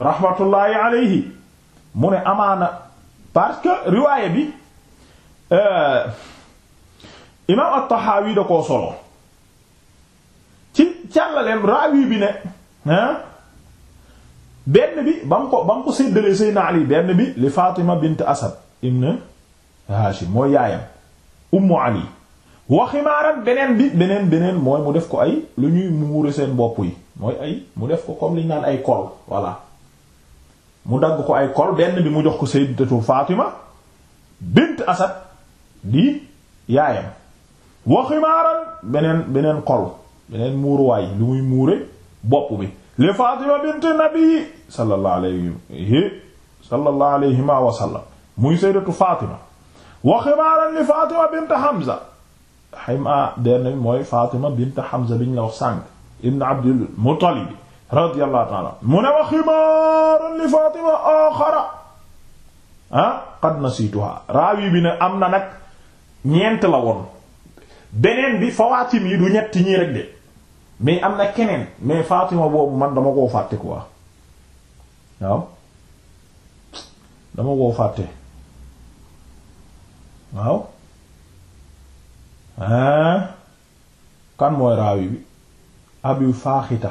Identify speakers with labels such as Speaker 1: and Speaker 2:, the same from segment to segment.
Speaker 1: rahmatullahi alayhi mu ne amaana parce que riwaaya bi euh, imaam at-Tahawi da koo solo ci càllaleem raawi bi ne ah benn bi ba mu ko ba mu ko séddalee Seydina Ali benn bi li Fatima bint Asad ibn Hashim mooy yaayam ummu Ali waximaaram beneen bi beneen beneen mooy mu def ko ay lu ñuy muure seen bopp yi mooy ay mu def ko comme li ñu naan ay kol voilà mu dagg ko ay kol benn bi mu jox ko sayyidatu Fatima bint Asad di yaayam wa ximaaran beneen beneen kol beneen muuruwaay lu muy muure bopp bi li Fatima bint nabii sallallahu alayhi sallallahu alayhima wa sallam muy sayyidatu Fatima wa ximaaran li Fatima bint Hamza xima benn bi mooy Fatima bint Hamza biñ la wax sànq ibn Abdul Muttalib radiyallahu ta'ala mu ne wa ximaaran li Fatima axara ah qad nasituha raawi bi ne am na nag ñeent la woon beneen bi Fawatim yi du ñetti ñii rek de mais am na keneen mais Fatima boobu man dama koo fàtte quoi waaw dama koo fàtte waaw ah kan mooy raawi bi abu faaxita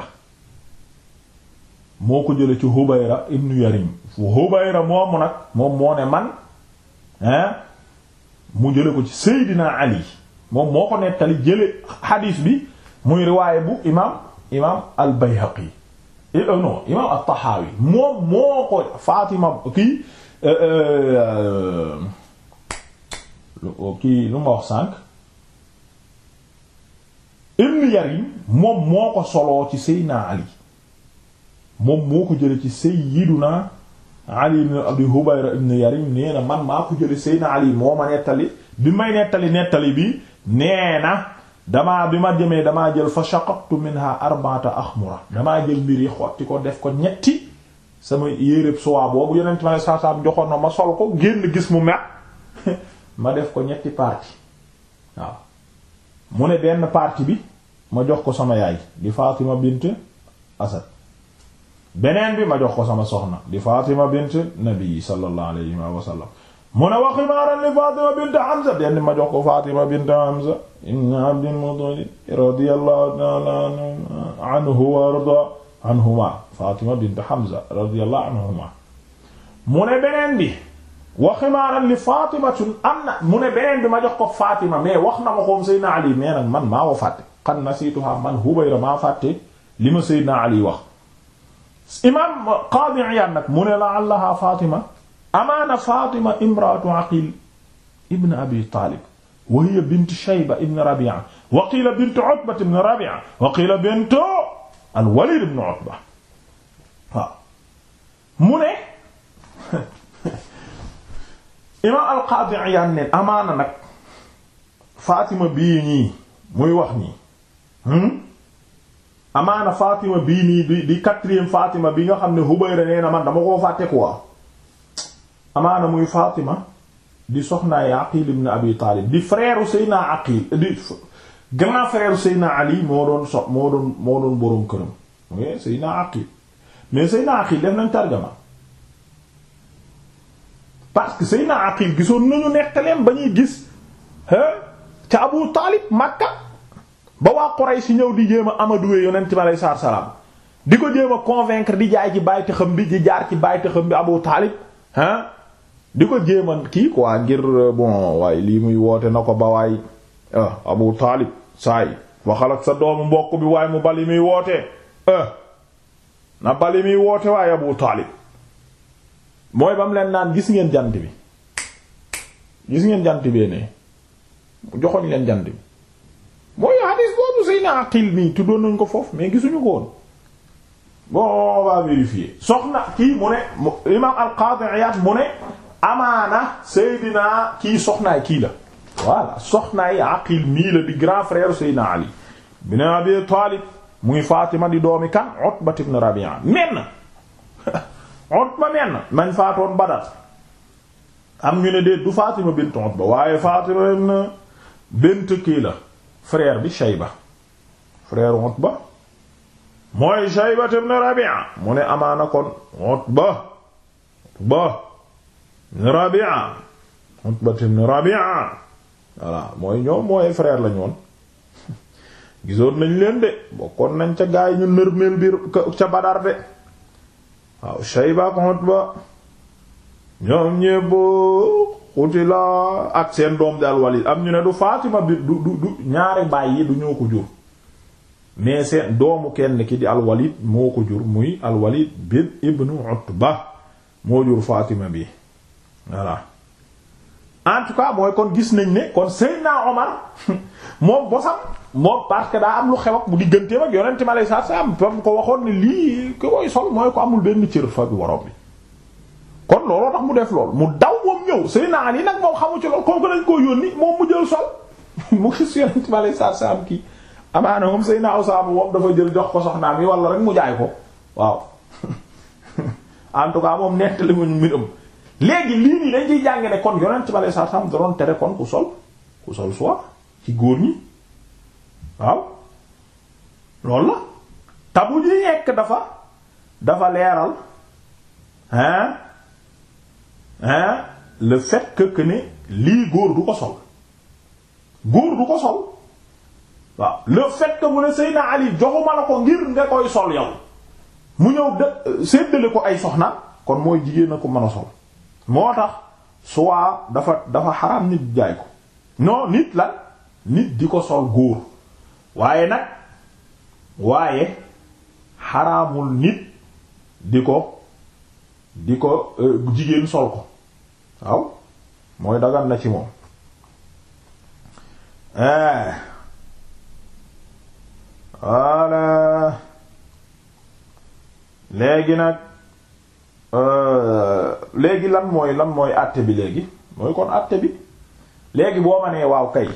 Speaker 1: moo ko jële ci Hubayra ibnu Yarim Hubayra moomu nag moom moo ne man hein mu jële ko ci Seydina Ali moom moo ko nettali jële xadiis bi muy riwaaye bu imaam imaam al-Bayhaqi eh, euh, non imaam at-Tahawi moom moo ko Fatima kii euh, euh, kii lu moom moo ko soloo ci Seydina Ali moom moo ko jële ci sayyiduna ali ibn abi hubayra ibn yarim nee man maa ko jële sayyidina ali moo ma nettali bi may nettali nettali bi nee na damaa bi ma demee damaa jël fa shaqaqtu minha arba'ata axmura damaa jël mbir yi xotti ko def ko ñetti sama yéreb suwaa boobu yonent ma ne saasaam joxoon na ma sol ko génn gis mu met ma def ko ñetti partie waaw mu ne benn partie bi ma jox ko sama yaay di Fatima bint Asad beneen bi ma jox ko sama soxna di Fatima bint nabi sallallahu alayhi wa sallam mu ne wa ximaaran li Fatima bint Hamza benn ma jox ko Fatima bint Hamza ibn Abdil Muttalib radiyallahu ta'ala anhu wa arda anhuma Fatima bint Hamza radiyallahu anhuma mu ne beneen bi wa ximaaran li Fatimatun am na mu ne beneen bi ma jox ko Fatima mais wax na ma ko Seydina Ali mais nag man maa wa fàtte qad nasiituha man Hubayra maa fàtte li ma Seydina Ali wax imaam Qaadi Iyaad nag mu ne la allaha Fatima amaana Fatima imraatu Aqil ibn Abi Taalib wa hiya bint Shayba ibn Rabi'a wa qiila bint Utba ibn Rabi'a wa qiila bint al-Walid ibn Utba waaw mu ne imaam al-Qaadi Iyaad ne amaana nag Fatima bii ñii muy wax nii hmm? amaana Fatima bi nii di di quatrième Fatima bi nga xam ne Hubayra nee na man dama koo fàtte quoi amaana muy Fatima di soxnaay Aqil ibn Abi Talib di frère Seyna Aqil di grand frère Seyna Ali moo doon so moo doon moo doon boroom këram ok Seyna Aqil mais Seyna Aqil def parce que Seyna Aqil gisoon nañu nettaleem ba ñuy gis ca Abu Talib Makka. ba waa si ñëw di jéem a amadouwe yonent bi aleyhi salaam di ko jéem a convaincre di jaay ci bàyyi xam bi di jaar ci bàyyi xam bi Abu Taalib ah di ko jéem a kii quoi ngir bon waaye lii muy woote na ko ba waaye ah Abu Taalib saay waxal sa doomu mbokk bi waaye mu bali muy woote ah na bali muy woote waaye Abu Taalib mooy ba mu leen naan gis ngeen jant bi gis ngeen jant bi ne joxoñ leen jant bi mooy hadis boobu Seydina Aqil nii tuddoon nañ ko foofu mais gisuñu ko woon bon on vérifier soxna kii mu ne imam al-Qadi Iyad mu ne amaana Seydina kii soxnaay kii la voilà soxnaay Aqil mii la di grand frère Seydina Ali bin Abi Talib muy Fatima di doomi kan am ñu ne déet du Fatima bint Utba waaye kii la frère bi Shayba frère Utba mooy Shayba ibn Rabi'a mu ne amaana kon Utba Utba ibn Rabi'a Utba ibn Rabi'a voilà mooy ñoom mooy frère lañu woon gisoon nañ leen de bokkoon nañ ca gaay ñu nërmeel biir ca Badar de waaw Shayba ak Utba ñoom ñépp qutila ak seen doom di alwalid am ñu ne du Fatima bi du du ñaari baay yi du ñoo ko jur mais seen doomu kenn ki di alwalid moo ko jur muy alwalid bin ibnu ba moo jur Fatima bi voilà en tout cas mooy kon gis nañ ne kon Seydina Omar moom bosam moom parce que daa am lu xew ak bu digganteem ak yonent mi alayhi salaam am mu ko waxoon ne lii ki koy sol mooy ko amul benn cër fa bi bi kon looloo tax mu def lool mu daw moom ñëw Seydina Ali nag moom xamu ci lool kon ko dañ koo yónni moom mu jël sol mu kii amaana moom Seydina Usaama moom dafa jël jox ko soxnaam wala rek mu jaay ko waaw en moom nettali mu léegi lii nii dañ ciy jàng ne kon yonent bi alayhi salaatu salaam da doon tere kon ku sol ku ci góor ñi waaw loolu la tabu ñuy yekk dafa dafa leeral hein hein le fait que que ne lii góor du ko sol góor du ko sol waaw le fait que mu ne Seydina Ali joxuma la ko ngir nga koy sol yow mu ñëw de euh, séddale ko ay soxna kon mooy jigéen a ko mën a sol moo tax soit dafa dafa xaraam nit jaay ko non nit la nit di ko sol góor waaye nag waaye xaraamul nit di ko di ko euh, jigéen sol ko waaw mooy dagan na ci moom eh. voilà léegi nag euh, léegi lan mooy lan mooy àtte bi léegi mooy kon àtte bi léegi boo ma nee waaw kay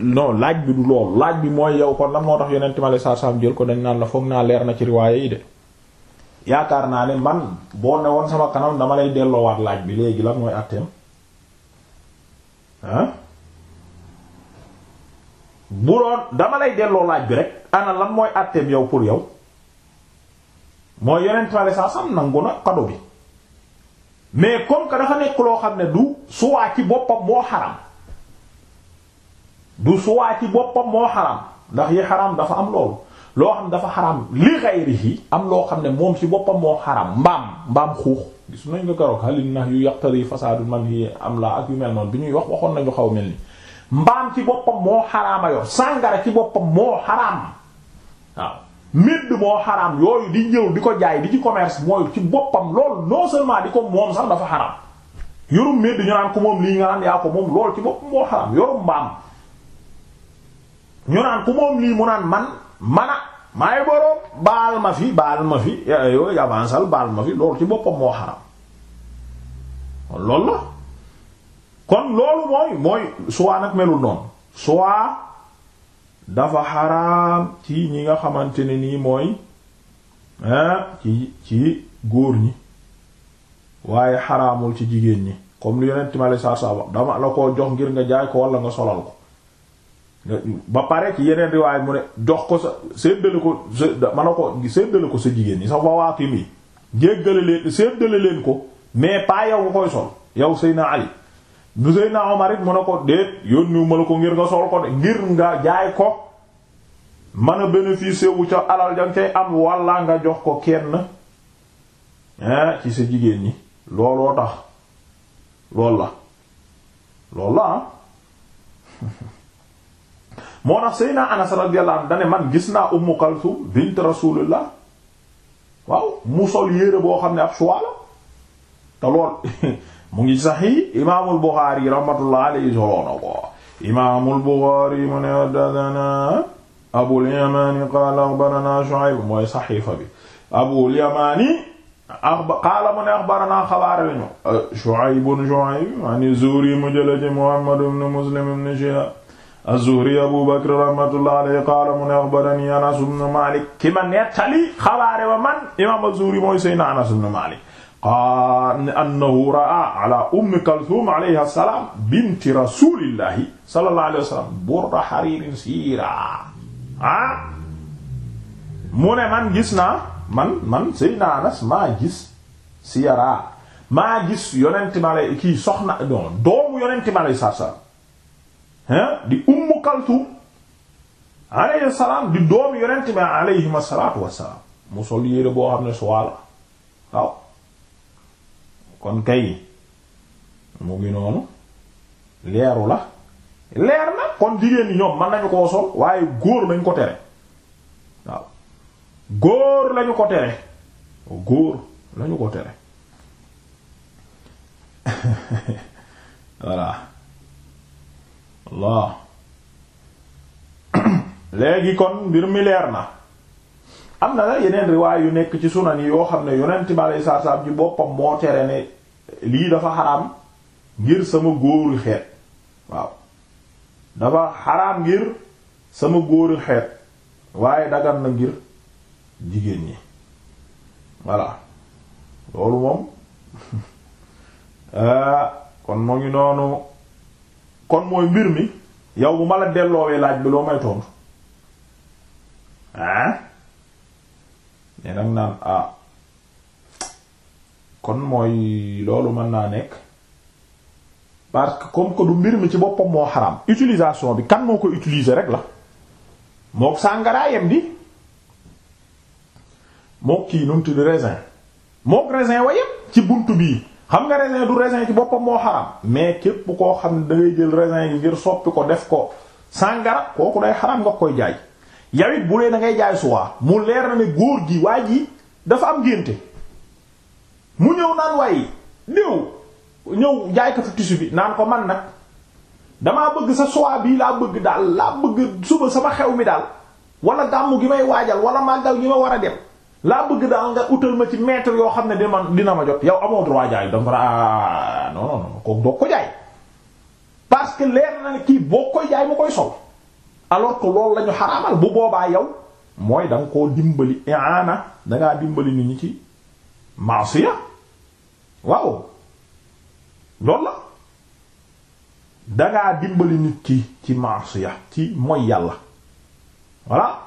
Speaker 1: no laaj bi du loolu laaj bi mooy yow kon la moo tax yonent ma la saa saam jël ko dañ naan la foog naa leer na ci riwaaya yi de yaakaar naa ne man boo ne woon sama kanam dama lay delloowaat laaj bi léegi lan mooy àtteem ah bu doon dama lay delloo laaj bi rek ana lan mooy àtteem yow pour yow mooy yeneen traçais sax sax nangu na kado bi mais comme que dafa nekk loo xam ne du suwaa ci boppam moo xaram du suwaa ci boppam moo xaram ndax yi xaram dafa am loolu. loo xam dafa xaram li ghayrihi am loo xam ne moom ci boppam moo xaram mbaam mbaam xuux gis nañ ko keroog halil nax yu yaqtari fasaadu man yi am la ak yu mel noonu bi ñuy wax waxoon nañu xaw mel ni mbaam ci boppam moo xaraama yor sàngara ci boppam moo xaraam waaw médd moo xaraam yooyu di ñëw di ko jaay di ci commerce mooy ci boppam loolu non seulement di ko moom sax dafa xaraam yorum médd ko moom lii nga naan yaa ci mbaam ñu naan ko moom lii mu naan man mana maay boroom baal ma fi baal ma fi yooyu avansal baal ma fi loolu ci boppam moo xaram kon loolu la kon loolu mooy mooy soit nag melul noonu soit dafa xaraam ci ñi nga xamante ne nii mooy ci ci góor ñi waaye xaraamul ci jigéen ñi comme lu yonent ma la saa saa dama la ko jox ngir nga jaay ko walla nga solal ko ba pare ci yeneen riwaay mu ne jox ko sa séddale ko sa mën a ko séddale ko sa jigéen ñi sa fawaakim yi jéggale leen séddale leen ko mais pas yow nga koy sol yow Seydina Ali nu Seydina Omar it mu ne ko déet yónniwu ma la ko ngir nga sol ko de ngir nga jaay ko man a bénéficier wu ca alal jang cay am walla nga jox ko kenn ci sa jigéen ñi looloo tax loolu la loolu la ah moo tax Seydina Anas radiyallahu anhu dane man gis naa Ummu Kalsum bint Rasulullah waaw mu sol yére boo xam ne ab choix la te lool mu ngi saxi Imaamul Buxaari rahmatullahi alayhi soloo na ko Imaamul Buxaari mu ne haddathana Abul Yamaani qaala akhbaranaa Shu'ayb mooy saxiifa bi Abul Yamaani qaala mu ne axbaranaa xabaar lañu Shu'ayb Shu'ayb an Zuhri mu jële ci Muhammad ibn Muslim ibn Shihab az-Zuhri Abu Bakr rahmatullahi alayhi qaala mu ne axbarani Anas ibn Malik ki ma nettali xabaare ba man imaam az-Zuhri mooy Seydina Anas ibn Malik qaala annahu ra'a ala Ummi Kulthum alayha salaam binti rasulillahi sallallahu alayhi wa sallam burda hariirin siira ah mu ne man gis naa man man Seydina Anas maa gis siira maa gis yonent ma lay kii soxna doomu yonent ma lay sarsar di ummu kaltu alayhi salaam di doomi yonent bi alayhima salaatu wassalaam mu sol yére boo xam ne suwaala waaw kon kay mu ngi noonu leeru la leer na kon jigéen ñi ñoom mën nañu koo sol waaye góor lañu ko tere góor lañu ko tere góor lañu ko tere voilà waaw léegi kon mbir mi leer na am na la yeneen riwaay yu nekk ci sunan yi yoo xam ne yonent bi aleyhi salaatu salaam boppam moo tere ne lii dafa xaraam ngir sama góoru xeet ngir sama góoru xeet waaye dagan na ngir jigéen ñi voilà loolu moom euh, kon moo ngi noonu kon mooy mbir mi yow bu ma la delloowee laaj bi loo may tontu ah ne naan ah kon mooy loolu mën naa nekk parce que comme que du mbir mi ci boppam moo xaram utilisation bi kan moo ko utiliser rek la mook sàngaraayam di mook kii num tudd raisin mook raisin wayam ci buntu bii xam nga raisin du raisin ci boppam moo xaram mais képp koo xam ne dangay jël raisin yi ngir soppi ko def ko sàngara kooku day xaram nga koy jaay yow bu dee da ngay jaay suwaa mu leer na ne góor gi waa ji dafa am génte mu ñëw naan waaye néew ñëw jaaykatu tissu bi naan ko man nag damaa bëgg sa suwaa bii laa bëgg daal laa bëgg suba sama xew mi daal wala gàmmu gi may waajal wala màggal gi ma war a dem laa bëgg daal nga utal ma ci mètre yoo xam ne dina dina ma jot yow amoo droit jaay donc ah non non non doo ko jaay parce que leer na ne kii boo koy jaay mu koy sol alors que loolu la ñu bu boobaa yow mooy da koo dimbali i'ana da ngaa dimbali nit ñi ci maasiya waaw loolu la da ngaa dimbali nit ki ci maasiya ci mooy yàlla voilà.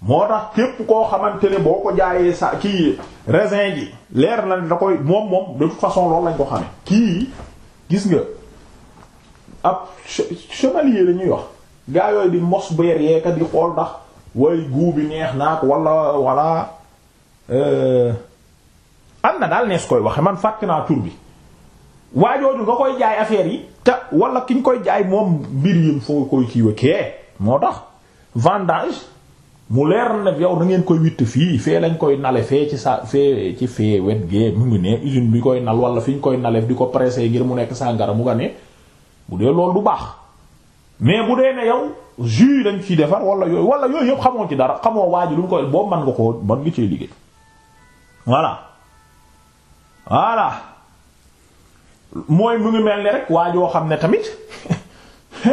Speaker 1: moo tax képp koo xamante ne boo ko jaayee sa kii raisin ji leer na da koy moom moom de toute façon loolu lañ ko xamee kii gis nga ab chevalier la ñuy wax gaa yooyu di mos beer yeeka di xool ndax way guu bi neex naak wala wala euh, am na daal nees koy waxe man fàtte naa tur bi waajooju nga koy jaay affaire yi te wala ki ñu koy jaay moom mbir yi foo koy kiiwa kee moo tax mu leer na ne yow da ngeen koy witt fii fee lañ koy nale fee ci sa fee ci fee wet gee mu ngi ne usine bi koy nal wala fi ñu koy naleef di ko pressé ngir mu nekk sàngara mu nga bu dee lool du baax mais bu dee ne yow jus dañ ciy defar wala yooyu wala yooyu yëpp xamoo ci dara xamoo waaj lu ñu koy boobu mën nga ko mën nga cee liggéey voilà voilà mooy mu ngi mel ni rek waa xam ne tamit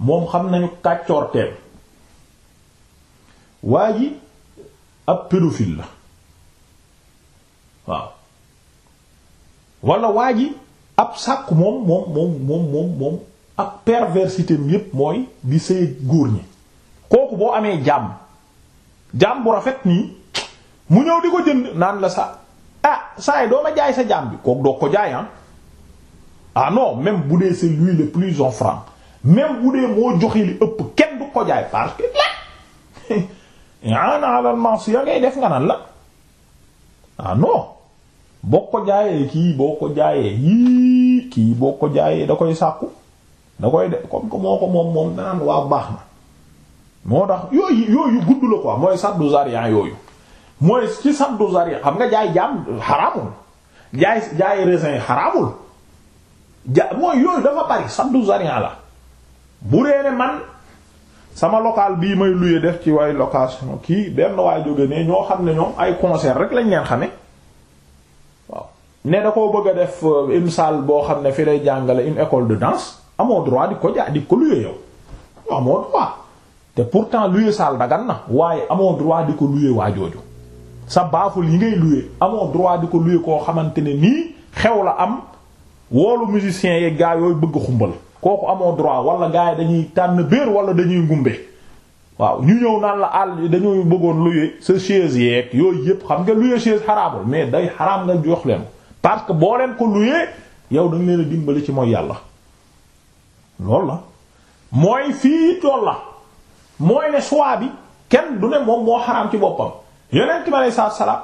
Speaker 1: moom xam nañu kàccoor teem waa ji ab pédophile la waaw wala waa ji ab sàkk moom moom moom moom moom perversité mi yépp mooy di sëy góor ñi kooku boo amee jàmm jàmm bu rafet nii mu ñëw di ko jënd naan la sa ah saa yi doo ma jaay sa jàmm bi kooku doo ko jaay ah ah non bu dee c'est lui le plus offrant même bu dee moo joxe li ëpp kenn du ko jaay parce que i'ana ala al-ma'siya ngay def nga naan la ah non boo ko jaayee kii boo ko jaayee yii kii boo ko jaayee da koy sàkku da koy def comme moo ko moom moom danaan waa baax na moo tax yooyu yooyu gudd la quoi mooy saddu zariya yooyu mooy ci saddu zariya xam nga jaay jaam xaraamul jaay jaay raisin xaraamul ja mooy yooyu dafa bari saddu zariya la bu man. sama local bii may luye def ci waay location kii benn waay jóge ne ñoo xam ne ñoom ay concert rek lañ leen xame waaw ne da koo bëgg a def euh, une salle boo xam ne fi lay jàngale une école de danse amoo droit di ko ja di ko luye yow amoo droit te pourtant luye dagan na waaye amoo droit di ko luye waa jooju sa baaful yi ngay luye amoo droit di ko luye koo xamante ne nii xew la am woolu musiciens yeeg gaa yooyu bëgg xumbal kooku amoo droit wala gars yi dañuy tànn béer wala dañuy ngumbe waaw ñu ñëw naan la àll dañoo bëggoon luye sa chaise yeeg yooyu yëpp xam nga luye chaise xaraamul mais day xaraam nga jox leen parce que boo leen ko luye yow dañ leen dimbali ci mooy yàlla loolu la mooy fii tool la mooy ne choix bi kenn du ne moom moo xaraam ci boppam yonent bi aleyhi salaatu salaam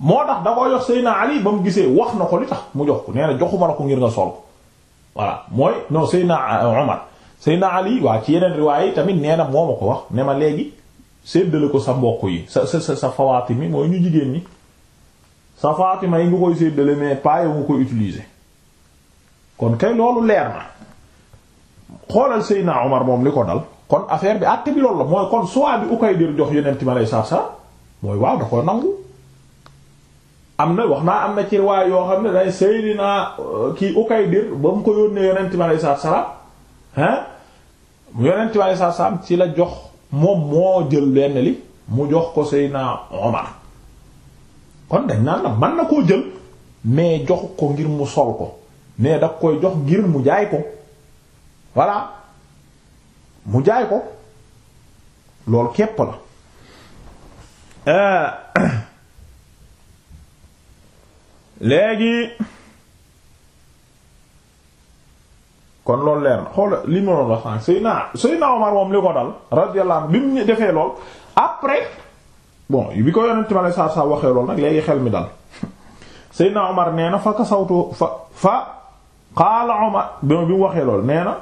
Speaker 1: moo tax da ko jox Seydina Ali ba mu gisee wax na ko li tax mu jox ko nee na joxuma la ko ngir nga sol voilà mooy non Seydina euh, Omar Seydina Ali waa ci yeneen riwaay yi tamit nee na moo ko wax ne ma léegi séddale ko sa mbokk yi sa sa sa Fawaatimi mooy ñu jigéen ñi sa Faatima yi nga koy séddale mais pas yow koy utiliser kon kay loolu leer na xoolal Seydina Omar moom li ko dal kon affaire bi àtte bi loolu la mooy kon soit bi Ukaydir jox Yonent mi alayhi mooy waaw da koy nangu. am na wax naa am na ci riwaay yoo xam ne day Seydina euh, kii Ukaydir ba mu ko yónnee yonent bi alayhi salaam ah yonent bi alayhi salaam ci la jox moom moo jël lenn li mu jox ko Seydina Omar kon dañ naan la mën na koo jël mais jox ko ngir mu sol ko mais da koy jox ngir mu jaay ko voilà mu jaay ko loolu képp la. Euh, léegi kon loolu leer na xoola li ma doon wax sànq Seydina Seydina Omar moom li ko dal radiyallahu anhu bi mu defee lool après bon bi ko yonent ma lay saa saa waxee lool nag léegi xel mi dal Seydina Omar nee na fa kasawtu fa fa qaala Omar bi mu waxee lool nee na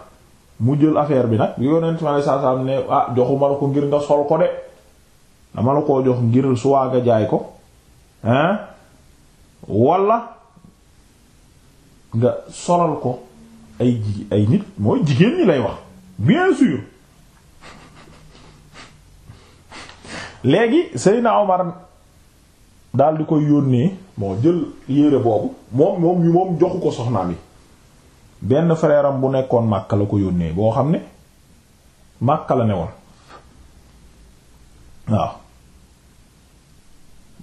Speaker 1: mu jël affaire bi nag bi yonent ma lay saa saa ne ah, joxuma la ko ngir nga sol ko de dama la koo jox ngir suwaa nga jaay ko hein wala nga solal ko ay ji ay nit mooy jigéen ñi lay wax bien sûr léegi Seydina Omar daal di koy yónnee moo jël yére boobu moom moom moom joxu ko soxnaam yi benn frère bu nekkoon Makka la ko yónnee boo xam ne Makka la ne woon waaw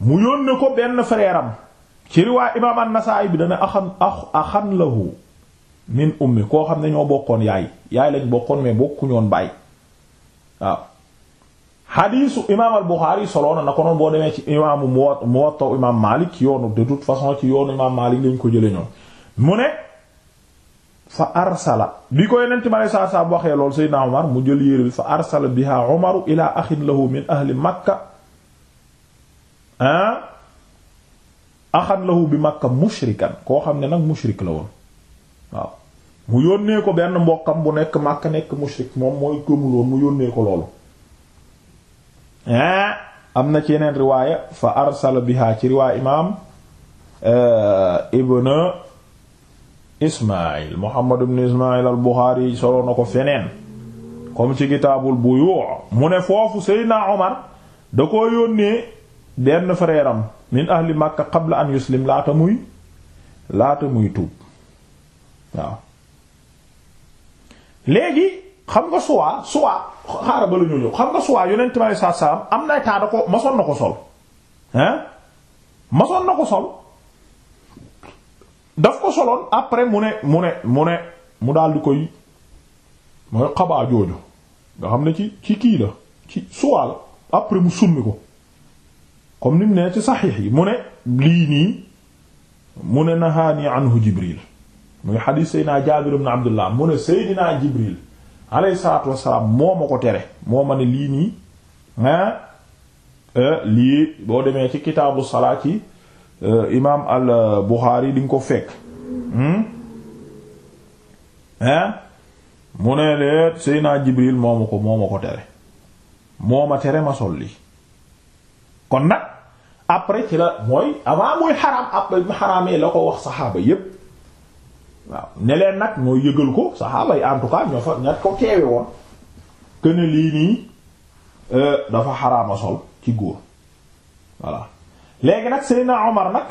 Speaker 1: mu yónnee ko benn frère ci riwaay imaam an bi dana axan axan lahu min ummi koo xam ne ñoo bokkoon yaay yaay lañ bokkoon mais bokkuñoon baay waaw xadiisu imaam al-Buxaari soloona na ko noonu boo demee ci imaamu Muwatta imaam Maalik yoonu de toute façon ci yoonu imaam Maalik lañ ko jële ñoom mu ne fa arsala bi ko yeneen ma lay saa waxee lool Seydina Omar mu jël yére bi fa arsala biha Omaru ila axin lahu min ahli Makka ah axan lahu bi makka mushrikan koo xam ne nag mushrik la woon waaw mu yónnee ko benn mbokkam bu nekk makka nekk mushrik moom mooy gëmul mu yónnee ko loolu am na ci yeneen riwaaya fa arsala biha ci riwaaya imaam euh, ibn ismail muhammad ibn ismail al buxaari soloo na ko feneen comme ci kitaabul buyu' mu ne foofu seydna omar da ko yónnee benn na am min ahli makka qabla an yuslim laata muy laata muy tuub waaw léegi xam nga suwaa suwaa xaara ba la xam nga suwaa yonent bi alayhi salaam am na taa ko masoon na ko sol hein masoon na ko sol daf ko soloon après mu ne mu ne mu ne daal di koy mooy xabaa jooju nga xam ne ci ci kii la ci suwaa la après mu summi ko comme ni mu nee ci saxiix yi mu ne lii nii mu ne nahaani anhu jibril muy xadiis seydinaa jaabir ibn abdullah mu ne seydinaa jibril alayhi salaatu wassalaam moo ma ko tere moo ma ne lii nii euh, lii boo demee ci kitaabu salaat ci euh, imaam al buxaari ko fekk ah mu ne leet seydinaa jibril moo ma ko moo ma ko tere moo ma tere ma sol lii kon nag après ci la mooy avant muy xaraam après mu xaraamee la ko wax saxaaba yépp waaw ne nag mooy yëgal ko saxaaba yi en tout cas ñoo fa ñat ko teewe woon que lii nii euh, dafa xaraama sol ci góor voilà léegi nag Seydina Omar nag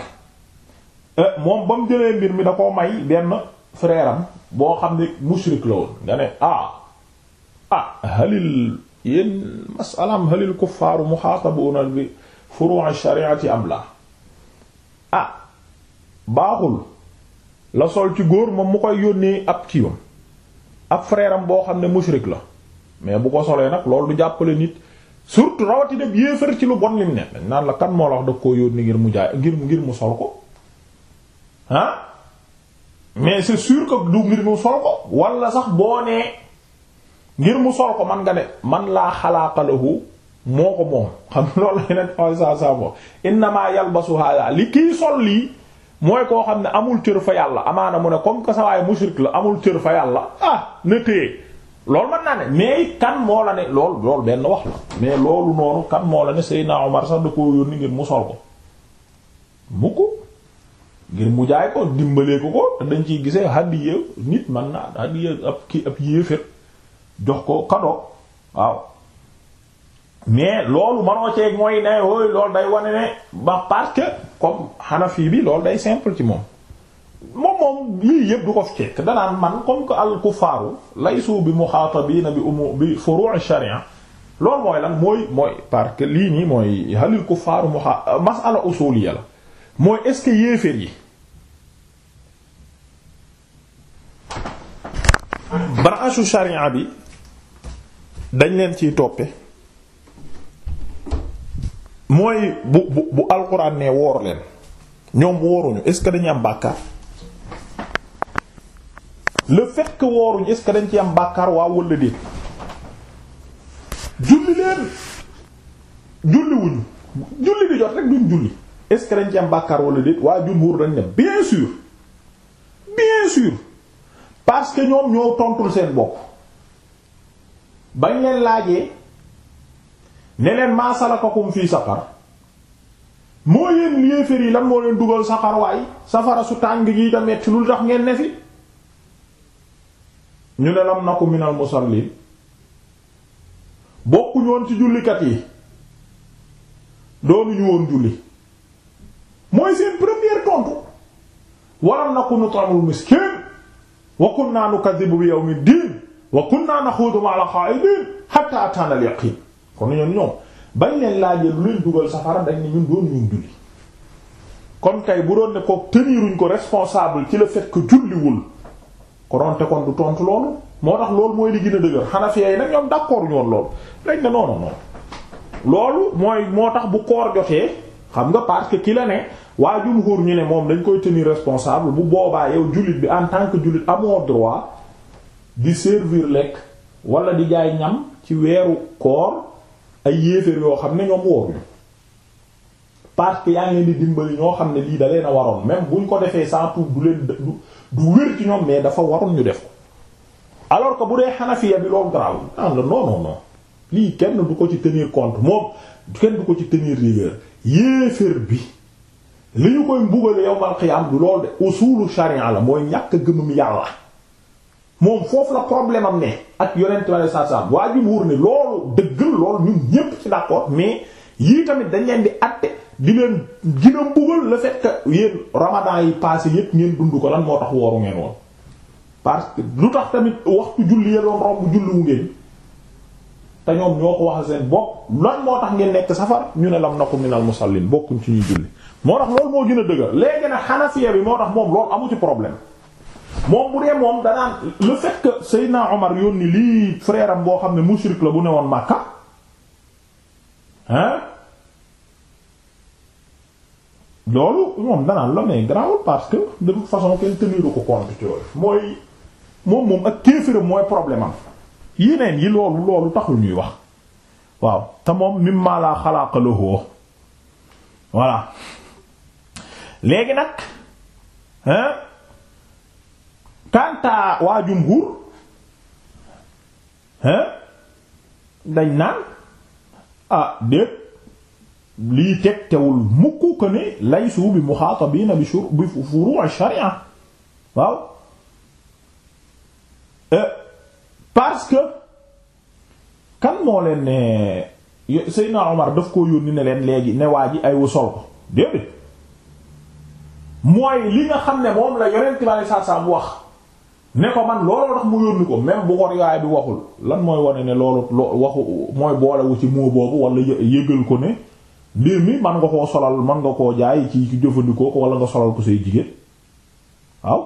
Speaker 1: euh, moom ba jëlee mbir mi da koo may benn frère boo xam ne mushrik la woon nga ne ah ah halil yéen masalaam halil kuffaaru muxaatabuuna bi furu' shari'ati am la a ah, baaxul la sol ci góor moom mu koy yónnee ab kiiwam ab frère boo xam ne mushrik la mais bu ko solee nag loolu du jàppale nit surtout rawatina yéefar ci lu bon li ne dañ naan la kan moo la wax da koo yónni ngir mu jaay ngir mu sol ko ah mais c'est sûr que du ngir mu sol ko wala sax boo nee ngir mu sol ko man nga ne man laa xalaaqa lahu moo ko moom xam loolu la yeneen ay saa saa moom innamaa yalbasu hada li kii sol lii mooy koo xam ne amul cër fa yàlla amaana mu ne comme que sa waay mushrik la amul cër fa yàlla ah na téye loolu mën naa ne mais kan moo la ne loolu loolu benn wax la mais loolu noonu kan moo la ne Seydina Omar sax da koo yónni ngir mu sol ko mu ko ngir mu jaay ko dimbalee ko te dañ ciy gisee hadiya nit mën naa hadiya ab kii ab yéefér jox ko kado waaw mais loolu manoo ceeg mooy ne ooy lool day wane ne ba parce comme Hanafi bi lool day simple ci moom moom moom lii yëpp du ko fi ceeg danaan man comme que al kuffaaru laysu bi muxaatabiina bi umu bi furu' sharia loolu mooy lan mooy mooy parce que lii nii mooy halil kuffaaru muxa yéeféer yi branche sharia bi dañ leen ciy toppe mooy bu bu bu alxuraan nee woor leen ñoom wooruñu est-ce bàkkaar le fait wooruñu est dañ ci am bàkkaar waa walla déet julli leen julli wuñu julli di jot rek duñ julli est-ce que dañ ci am bàkkaar walla déet waa dañ ne bien sûr bien sûr parce que ñoom ñoo tontul seen bopp bañ leen laajee ne leen fii saqar moo yéen yéefér yi lan moo leen dugal saqar waay safara su tàng gi da metti lu tax ngeen ne fi ñu ne lam naku minal musallin bokkuñu woon ci jullikat yi doonuñu woon julli mooy seen première tontu walam naku nutamul miskin wa kunna nukadhibu bi yawmid din wa kunna naxuudu ma'al xaa'idin hatta atana al yaqin kon ñoom ñoom bañ leen laajee lu leen dugal safara dañ ne ñun doon ñun julli kon kay bu doon ne ko teniruñ ko responsable ci la fait que julliwul konoonte kon du tontu loolu moo tax loolu mooy li gën a dëgër ñoom d'accord ñu woon loolu dañ ne non non moo tax bu koor jotee xam nga parce que ki la ne waa jumhur ñu ne moom dañ koy tenir responsable bu boobaa yow jullit bi en tant que jullit amoo droit di servir lekk wala di jaay ñam ci weeru koor ay yéeféer yoo xam ne ñoom wooruñu parce que yaa ngi leen di dimbali ñoo xam ne lii da leen waroon même buñ ko defee sans tout du leen du wér ci ñoom mais dafa waroon ñu def ko alors que bu dee xanafiya bi loolu garaawul naan la non non non lii kenn du ko ci tenir compte moom kenn du ko ci tenir rigueur yéeféer bi li ñu koy mbugale yow mal xiyaam lool de usulu sharia la mooy ñàkk gëmum yàlla moom foofu la problème am ne ak yonent ma saa saasam waa jumhur ne loolu dëggal loolu ñun ñépp ci d'accord mais yii tamit dañ leen di àtte di leen gina mbugal le fait que yéen ramadan yi passé yëpp ngeen dund ko lan moo tax wooru ngeen woon parce que lu tax tamit waxtu julli ya doon romb julliwu ngeen te ñoom ñoo ko waxal seen bopp lan moo tax ngeen nekk safar ñu ne lam naku minal musallin bokkuñ ci ñuy julli moo tax loolu moo gën a dëgër léegi nag xanafiya bi moo amu ci problème moom bu dee moom danaan le fait que Seydina Omar yónni lii frère boo xam ne mushrik la bu ne woon Makka hein loolu moom danaan la mais grawul parce que de toute façon kenn teniru ko compte mooy moom moom ak kéefëram mooy problème am yeneen yi loolu loolu taxul ñuy wax waaw te moom mimma la xalaaqa lahu voilà léegi nag hein kanta waa jumhur hein dañ naan ah déet lii tegtewul mukk ko ne laysu bi muxaatabiina bi shur bi furu' sharia waaw eh, parce que kan moo leen ne Seydina Omar daf koo yónni ne leen léegi ne waa ji ay wusol ko déedéet mooy li nga xam ne moom la yonent bi sallallahu alayhi wasallam wax ne ko man looloo tax mu yónni ko même bu ko riwaay bi waxul lan mooy wone ne loolu waxu mooy boolewu ci moo boobu wala yëgal ko ne mbir mi man nga koo solal man nga koo jaay ci ci jëfandikoo ko wala nga solal ko say jigéen waaw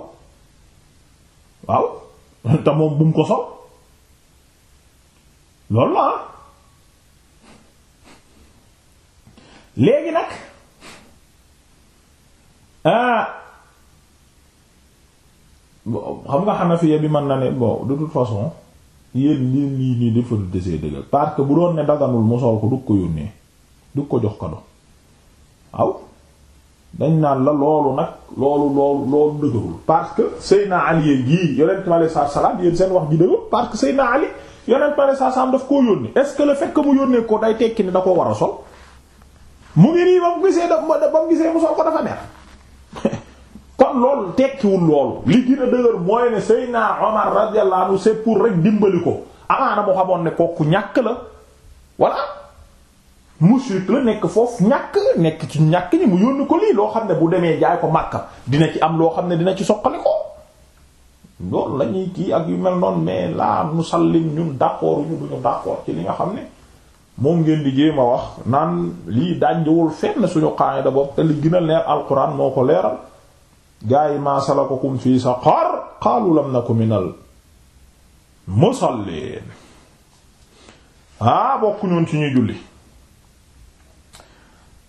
Speaker 1: waaw te bu mu ko sol loolu la léegi nag ah, xam nga xam xanafiya bi mën na ne boo de toute façon yéen lii lii nii dafa desee dëggal parce que bu doon ne daganul mu sol ko du ko yónnee du ko jox kado waaw dañ naan la loolu nag loolu loolu loolu dëgërul parce que Seydina Ali yéen gii yonent mi alayhi salaatu salaam yéen seen wax ji dëgër parce que Seydina Ali yonent mi alayhi salaatu salaam daf koo yónnee est-ce que le fait que mu yónnee ko day tekki ne da koo war a sol mu ngi nii ba mu gisee da ba mu gisee mu sol ko dafa mer kon loolu tekkiwul loolu li gën a dëgër mooy ne Seydina Omar radiyallahu anhu c'est pour rek dimbali ko amaana mu xamoon ne kooku ñàkk la voilà mushrik la nekk foofu ñàkk nekk ci ñàkk ñi mu yónni ko lii loo xam ne bu demee jaay ko Makka dina ci am loo xam ne dina ci soqali ko loolu lañuy ñuy kii ak yu mel noonu mais la musallim ñun d'accord ñu duñu d'accord ci li nga xam ne moom ngeen liggéey ma wax naan lii dànjuwul fenn suñu qaida bopp te li gën a leer alquran moo ko leeral gaa yi maa salakakum fii saqar qaalu lam naku minal musallin ah bokku ñoon ci ñuy julli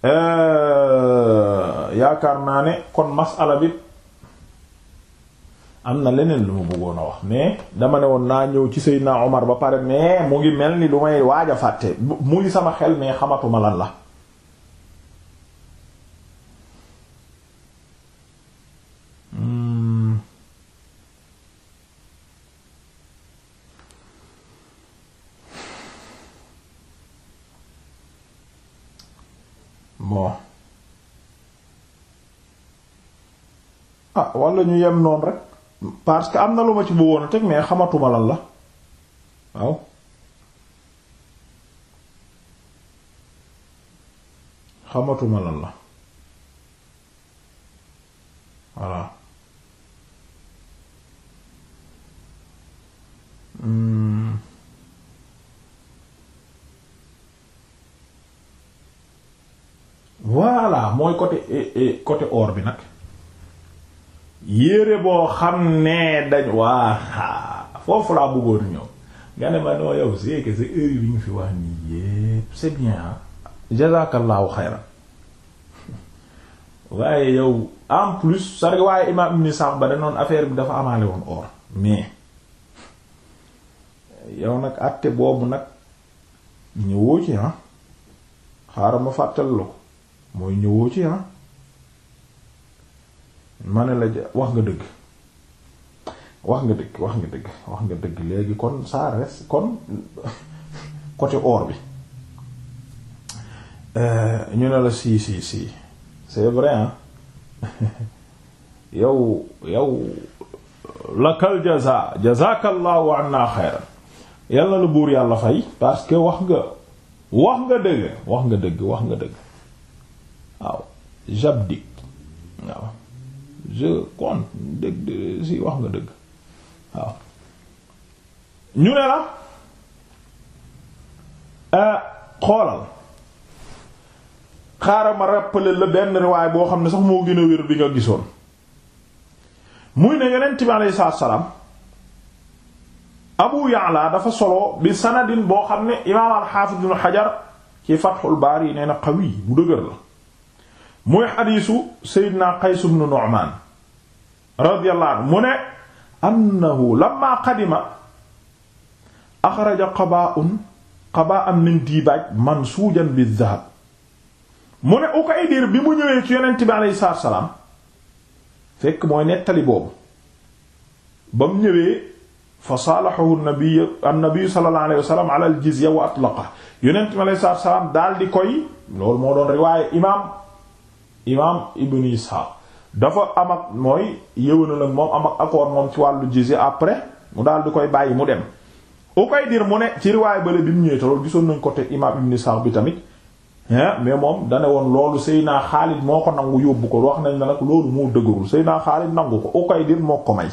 Speaker 1: eh, yaakaar naa ne kon masala bi am na leneen lu ma bëggoon a wax mais dama ne woon naa ñëw ci naa Omar ba pare mais mu ngi mel ni lu may waaj a fàtte mu ngi sama xel mais xamatuma lan la ah wala ñu yem noonu rek parce que am na lu ma ci bëggoon a teg mais xamatuma lan la waaw xamatuma lan la voilà hmm. voilà mooy côté eh, eh, côté or bi nag yére boo xam ne dañ waa foofu laa bëggoon ñëw nga ne ma noo yow c'est que c'est heure bi ñu fi wax nii yépp c'est bien ah jazakallahu xayran waaye yow en plus sarg waaye imam ibn Sa'd ba danoon affaire bi dafa amaale woon or mais yow nag àtte boobu nag ñëwoo ci ah xaaral ma fàttal la ko mooy ñëwoo ci ah ma ne la wax nga dëgg wax nga dëgg wax nga dëgg wax nga dëgg léegi kon ça reste kon côté or bi euh, ñu ne la si si si c'est vrai yow yow lakal jaza jazakallahu anna xayran yàlla la buur yàlla fay parce que wax nga wax nga dëgg wax nga dëgg wax nga dëgg waaw jabdik waaw je compte dëgg si wax nga dëgg waaw ñu ne la euh, xoolal xaaral ma rappeler la benn riwaay boo xam ne sax moo gën a wér bi nga gisoon muy ne yonent bi alayhi salaatu salaam Abu Ya'la dafa solo bi sanadin boo xam ne imaam al-Hafiz Ibn Hajar ci Fathul Bari nee na qawi bu dëgër la muy xadiisu Seydina Qays ibn Nu'man radiyallahu anhu mu ne annahu lamma qadima axraja qabaa'un qabaa'an min diibaaj mansuujan bidahab mu ne Ukaydir bi mu ñëwee ci yonent bi alayhi salaatu salaam fekk mooy nettali boobu ba mu ñëwee fa saalaxahu nabi annabi sallallahu alayhi wa sallam ala al jizya salaam daal di koy loolu moo doon riwaaya imaam imaam ibn Ishaq dafa am ak mooy yëwénal ak moom am ak moom ci wàllu jizya après mu daal di koy bàyyi mu dem Ukaydir mu ne ci riwaay bale bi mu ñëwee te gisoon nañ ko te imaam ibn Ishaq bi tamit mais moom dane woon loolu naa Xaalid moo ko nangu yóbbu ko wax nañ la nag loolu moo dëgërul Seydina Xaalid nangu ko Ukaydir moo ko may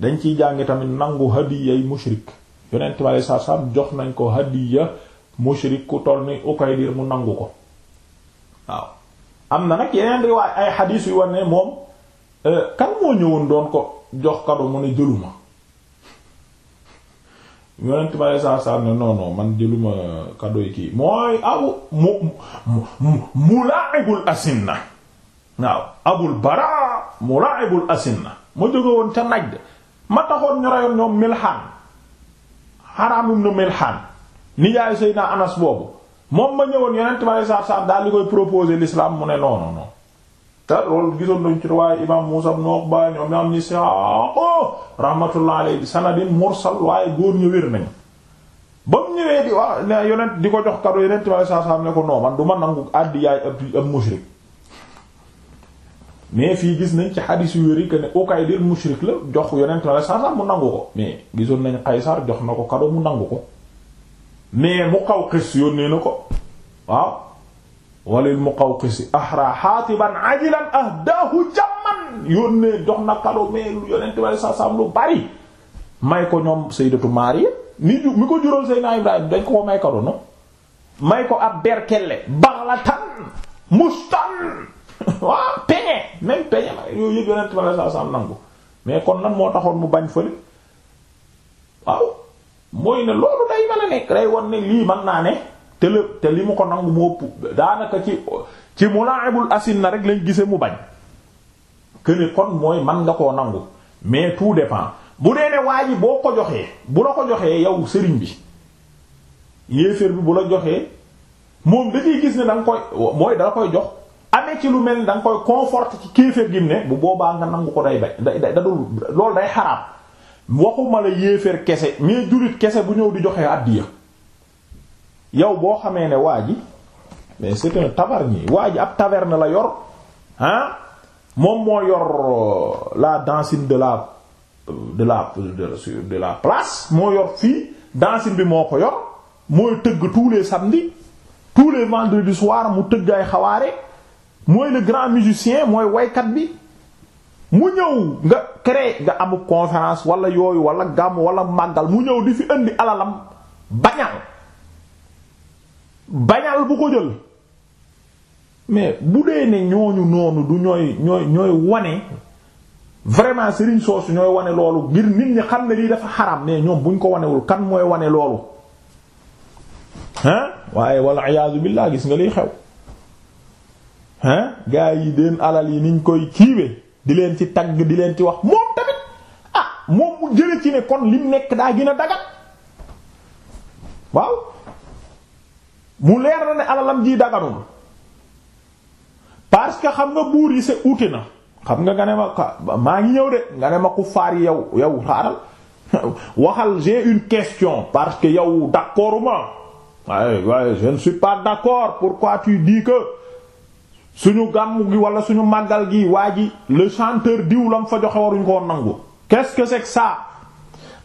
Speaker 1: dañ ciy jànge tamit nangu hadiyay mushrik yonent bi alei satu salaam jox nañ ko hadiya mushrik ku toll ni Ukaydir mu nangu ko am na nag yeneen riwaay ay xadiis yu war moom euh, kan moo ñëwoon doon ko jox kado mu ne jëluma yonent ma saa saa ne non man jëluma kado yi kii mooy abu mu mu mulaa'ibul asinna waaw abul baraa mulaa'ibul asinna ma jóge woon ca Najd ma taxoon ñu reyoon ñoom Milhaan Haraam ibn Milhaan nijaayu Seydina Anas boobu moom ma ñëwoon yonent ma ne saab saab daal li koy proposer l'islam mu ne non non te loolu gisoon nañu ci waaye imaam Muusaa ibn Uqba ñoom ñoo am ñi si ah, oh, rahmatullah waaye góor ñu wér nañu ba mu ñëwee di wax ne yonent ko jox kado yonent ma man du ab ab mushrik mais fii gis nañ ci xadiis yu wér que ne Ukaydir mushrik la jox yonent ma ne saab saab mu nangu ko mais gisoon nañ Qaysar jox na ko kado mu nangu ko mais Muqawqis yónnee na ko waaw walil Muqawqis ahra xaatiban ajilan ahdaahu jamman yónnee jox na kado mais lu yonent bari sa lu bari may ko ñoom sayyidatu Maariya mi mi ko juróom Seydina Ibrahim dañ ko may kado no may ko ab berkelle baxlatan mustan waaw peñe même peñe la yooyu yëpp yonent bari sa nangu mais kon lan moo taxoon mu bañ fële waaw mooy ne loolu day mën a nekk day wan ne lii mën naa ne te te li mu ko nangu moo ëpp daanaka ci ci mulaibul asin na rek lañ gise mu bañ këne kon mooy man nga ko nangu mais tout dépend bu dee ne waa ji boo ko joxee bu la ko joxee yow sëriñ bi yéeféer bi bu la joxee moom dañuy gis ne danga nga koy mooy da koy jox amee ci lu mel ni da koy conforte ci kéeféer gi ne bu boobaa nga nangu ko day bay da da dul loolu day xaraam waxuma la yéeféer kese mais jullit kese bu ñëw di joxee àddiya yow boo xamee ne waa ji mais c'est un tabarni waa ji ab taverne la yor ah moom moo yor euh, la dancine euh, de la de la de la place moo yor fii dancine bi moo ko yor mooy tëgg tous les samedis tous les vendredis soir mu tëgg ay xawaare mooy le grand musicien mooy waykat bi mu ñëw nga créer nga amub conférence wala yooyu wala gàmm wala màggal mu ñëw di fi indi alalam bañal bañal bu ko jël mais bu dee ne ñooñu noonu du ñooy ñooy ñooy wane vraiment Serigne soosu ñooy wane loolu ngir nit ñi xam ne lii dafa xaram ne ñoom buñ ko wanewul kan mooy wane loolu hein waaye walla iyaazu billaah gis nga liy xew hein gaa yi deen alal yi niñ koy kiiwe di leen ci tagg di leen ci wax moom tamit ah moom mu jële ci ne kon lim nekk daa gën a dagat waaw mu leer na ne alalam ji daganul parce que xam nga buur yi c'est uute na xam nga nga ne ma maa ngi ñëw de nga ne ma ku faar yow yow xaaral waxal j'ai une question parce que yow d'accord ma waaye waaye je ne suis pas d'accord pourquoi tu dis suñu gàmm gi wala suñu màggal gi waa ji le chanteur diw lam fa joxe waruñ ko woon nangu qu'est-ce que c'est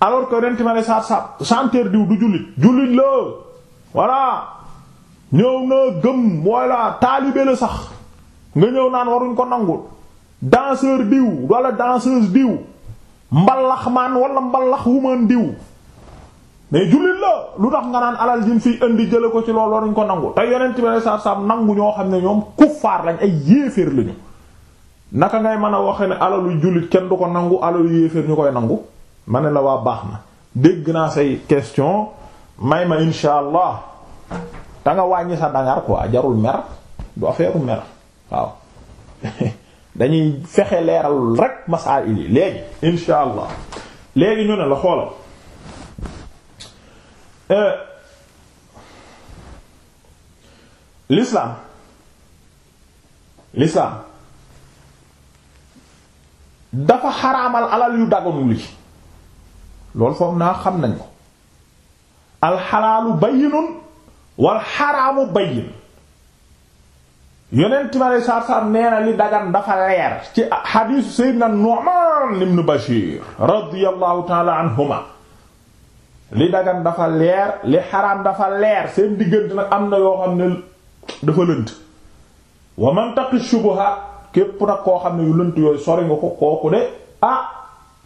Speaker 1: alors que renti ma ne sa sa chanteur diw du jullit jullit la voilà ñëw na gëm walla taalibe la sax nga ñëw naan waruñ ko nangul danseur diw wala danseuse diw mbalax maan wala mbalax wuman diw mais jullit la lu tax nga naan alal jim fi indi jële ko ci loolu waruñ ko nangu te yonent bi sallallahu alayhi wasallam nangu ñoo xam ne ñoom kuffaar lañ ay yéeféer lañu naka ngay mën a waxe ne alalu jullit kenn du ko nangu alalu yéeféer ñu koy nangu ma ne la waa baax na dégg naa say question may ma insha allah da nga wàññi sa dangar quoi jarul mer du affaire mer waaw dañuy fexe leeral rek masaa'il yi léegi insha léegi ñu ne la xool Euh, l'islam l'islam dafa xaraamal alal yu daganul yi loolu foog naa xam nañ ko alxalaalu bayyinun wal xaraamu bayyin yonent mi alei saatu salaam nee na li dagan dafa leer ci xadiisu sayyidina Nu'man ibn Bashir radiyallahu ta'ala anhuma li dagan dafa leer li xaraam dafa leer seen diggante nag am na yoo xam ne dafa lënt wa man taqi shubuha képp nag koo xam ne yu lënt yooyu sori nga ko kooku de ah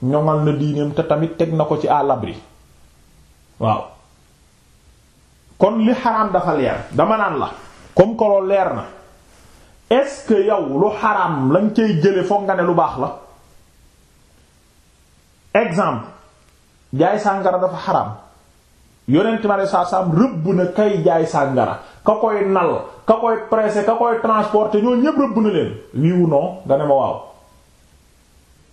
Speaker 1: ñoŋal na diineem te tamit teg na ko ci à l'abri waaw kon li xaraam dafa leer dama naan la comme que leer na est-ce yow lu xaraam lañ cay jële foog nga ne lu baax la jaay sàngara dafa xaram yonent ma ne saa saam rëbb na kay jaay sàngara ka koy nal ka koy pressé ka koy transporté ñoo ñépp rëbb na leen wiiwu non nga ne ma waaw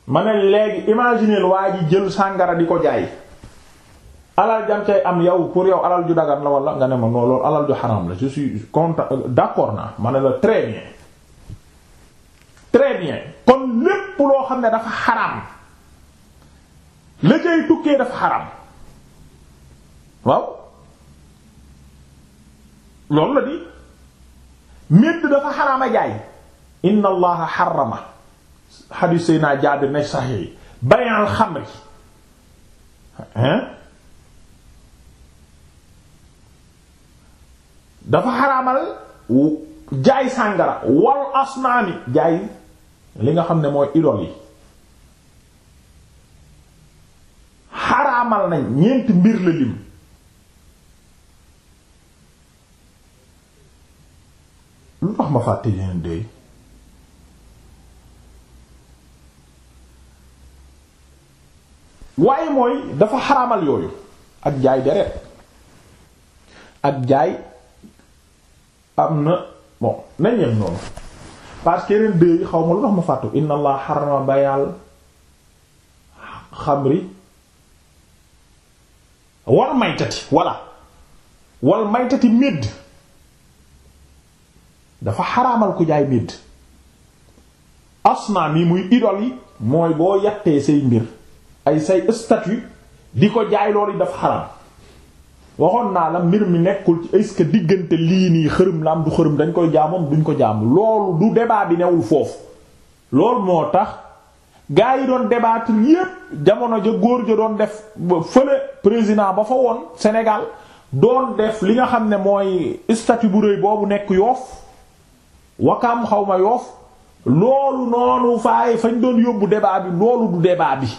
Speaker 1: ma ne léegi imaginer waa jël sàngara di ko jaay alal jam cay am yow pour yow alal ju dagan la wala nga ne ma non loolu alal ju xaram la je suis euh, d'accord naa ma ne la très bien kon lépp loo xam ne dafa xaram la cay tukkee dafa xaram waaw loolu la di médd dafa xaraama jaay inna allaha xarama xadiis sayna jaabir nekk saxiix yi bay'al xamri hein dafa xaraamal jaay sàngara wal asnaami jaay li nga xam ne mooy idol yi xaraamal nañ lu tax ma fàtte yeneen déy waaye mooy dafa xaraamal yooyu ak jaay deret ak jaay am na bon nañ yem noonu parce que yeneen déy xaw ma lu tax ma fàttu inna allah xarama bayal xamri wal maytati walla wal maytati médd dafa xaraamal ku jaay médd asnaam yi muy idol yi mooy boo yàqee say mbir ay say statue di ko jaay loolu yi dafa xaraam waxoon naa la mbir mi nekkul ci est-ce que diggante lii nii xërëm la am du xërëm dañ koy jaamoom duñ ko jaamu loolu du débat bi newul foofu loolu moo tax gaa yi doon débattre yépp jamono ja góor ja doon def fële président ba fa woon Sénégal doon def li nga xam ne mooy statut bu rëy boobu nekk yoof wakaam xaw ma yoof loolu noonu faay fañ doon yóbbu débat bi loolu du débat bi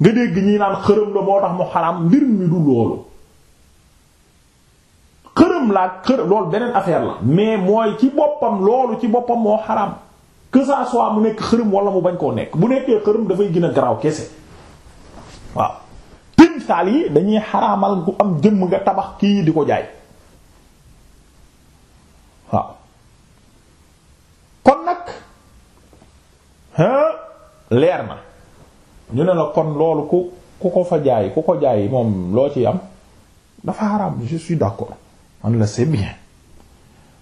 Speaker 1: nga dégg ñi naan xërëm la moo tax mu xaram mbir mi du loolu xërëm la xërëm loolu beneen affaire la mais mooy ci boppam loolu ci boppam moo xaram que ça soit mu nekk xërëm wala mu bañ koo nekk bu nekkee xërëm dafay gën a garaaw kese waaw timsaal yi dañuy xaraamal ku am jëmm nga tabax kii di ko jaay waaw kon nag leer na ñu ne la kon loolu ku ku ko fa jaay ku ko jaay moom loo ci am dafa xaraam je suis d'accord man la c'est bien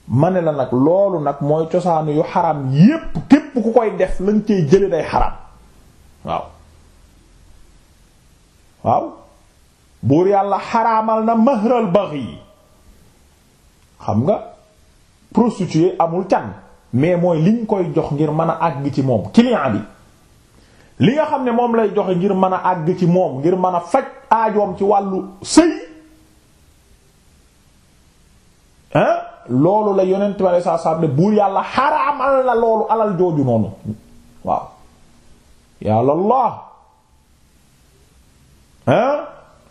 Speaker 1: ma ne la nag loolu nag mooy cosaanu yu xaram yépp képp ku koy def lañ cey jële day xaram waaw waaw buur yàlla xaraamal na mahral baghi xam nga prostituée amul can mais mooy liñ koy jox ngir mën a àgg ci moom client bi li nga xam ne moom lay joxe ngir mën a àgg ci moom ngir mën a faj aajoom ci wàllu sëy hein loolu la yonent bi alei satu salaam ne buur yàlla xaraamal na loolu alal jooju noonu waaw yàlla la ah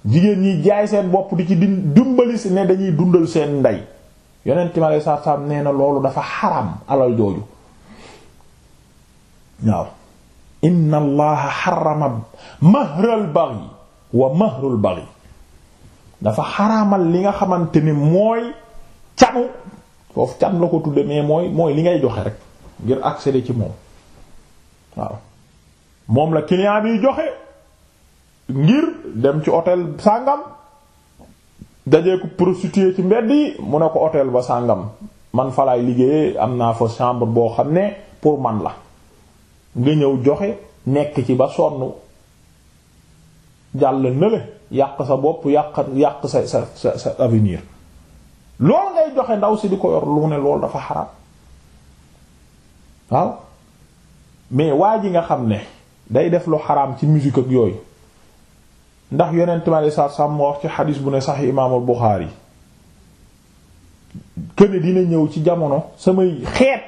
Speaker 1: jigéen ñi jaay seen bopp di ci din dumbali si ne dañuy dundal seen ndey yonent bi alei satu salaam nee na loolu dafa xaraam alal jooju waaw inna allaha xarama mahral baghi wa mahrul baghi dafa xaraamal li nga xamante ni mooy canu foofu can la ko tudde mais mooy mooy li ngay joxe rek ngir accéder ci moom waaw moom la client bi joxe ngir dem ci hôtel sàngam dajee ko prostituée ci mbedd yi mu ne ko hôtel ba sàngam man falaay liggéeyee am naa fa chambre boo xam ne pour man la nga ñëw joxe nekk ci ba sonn jàll nële yàq sa bopp yàq yàq sa sa sa sa avenir loolu ngay joxe ndaw si di ko yor lu ne loolu dafa xaraam waaw mais waa ji nga xam ne day def lu xaraam ci musique ak yooyu ndax yonent ma saa sam moo wax ci xadis bu ne sax imaamul Buxaari këne dina ñëw ci jamono samay xeet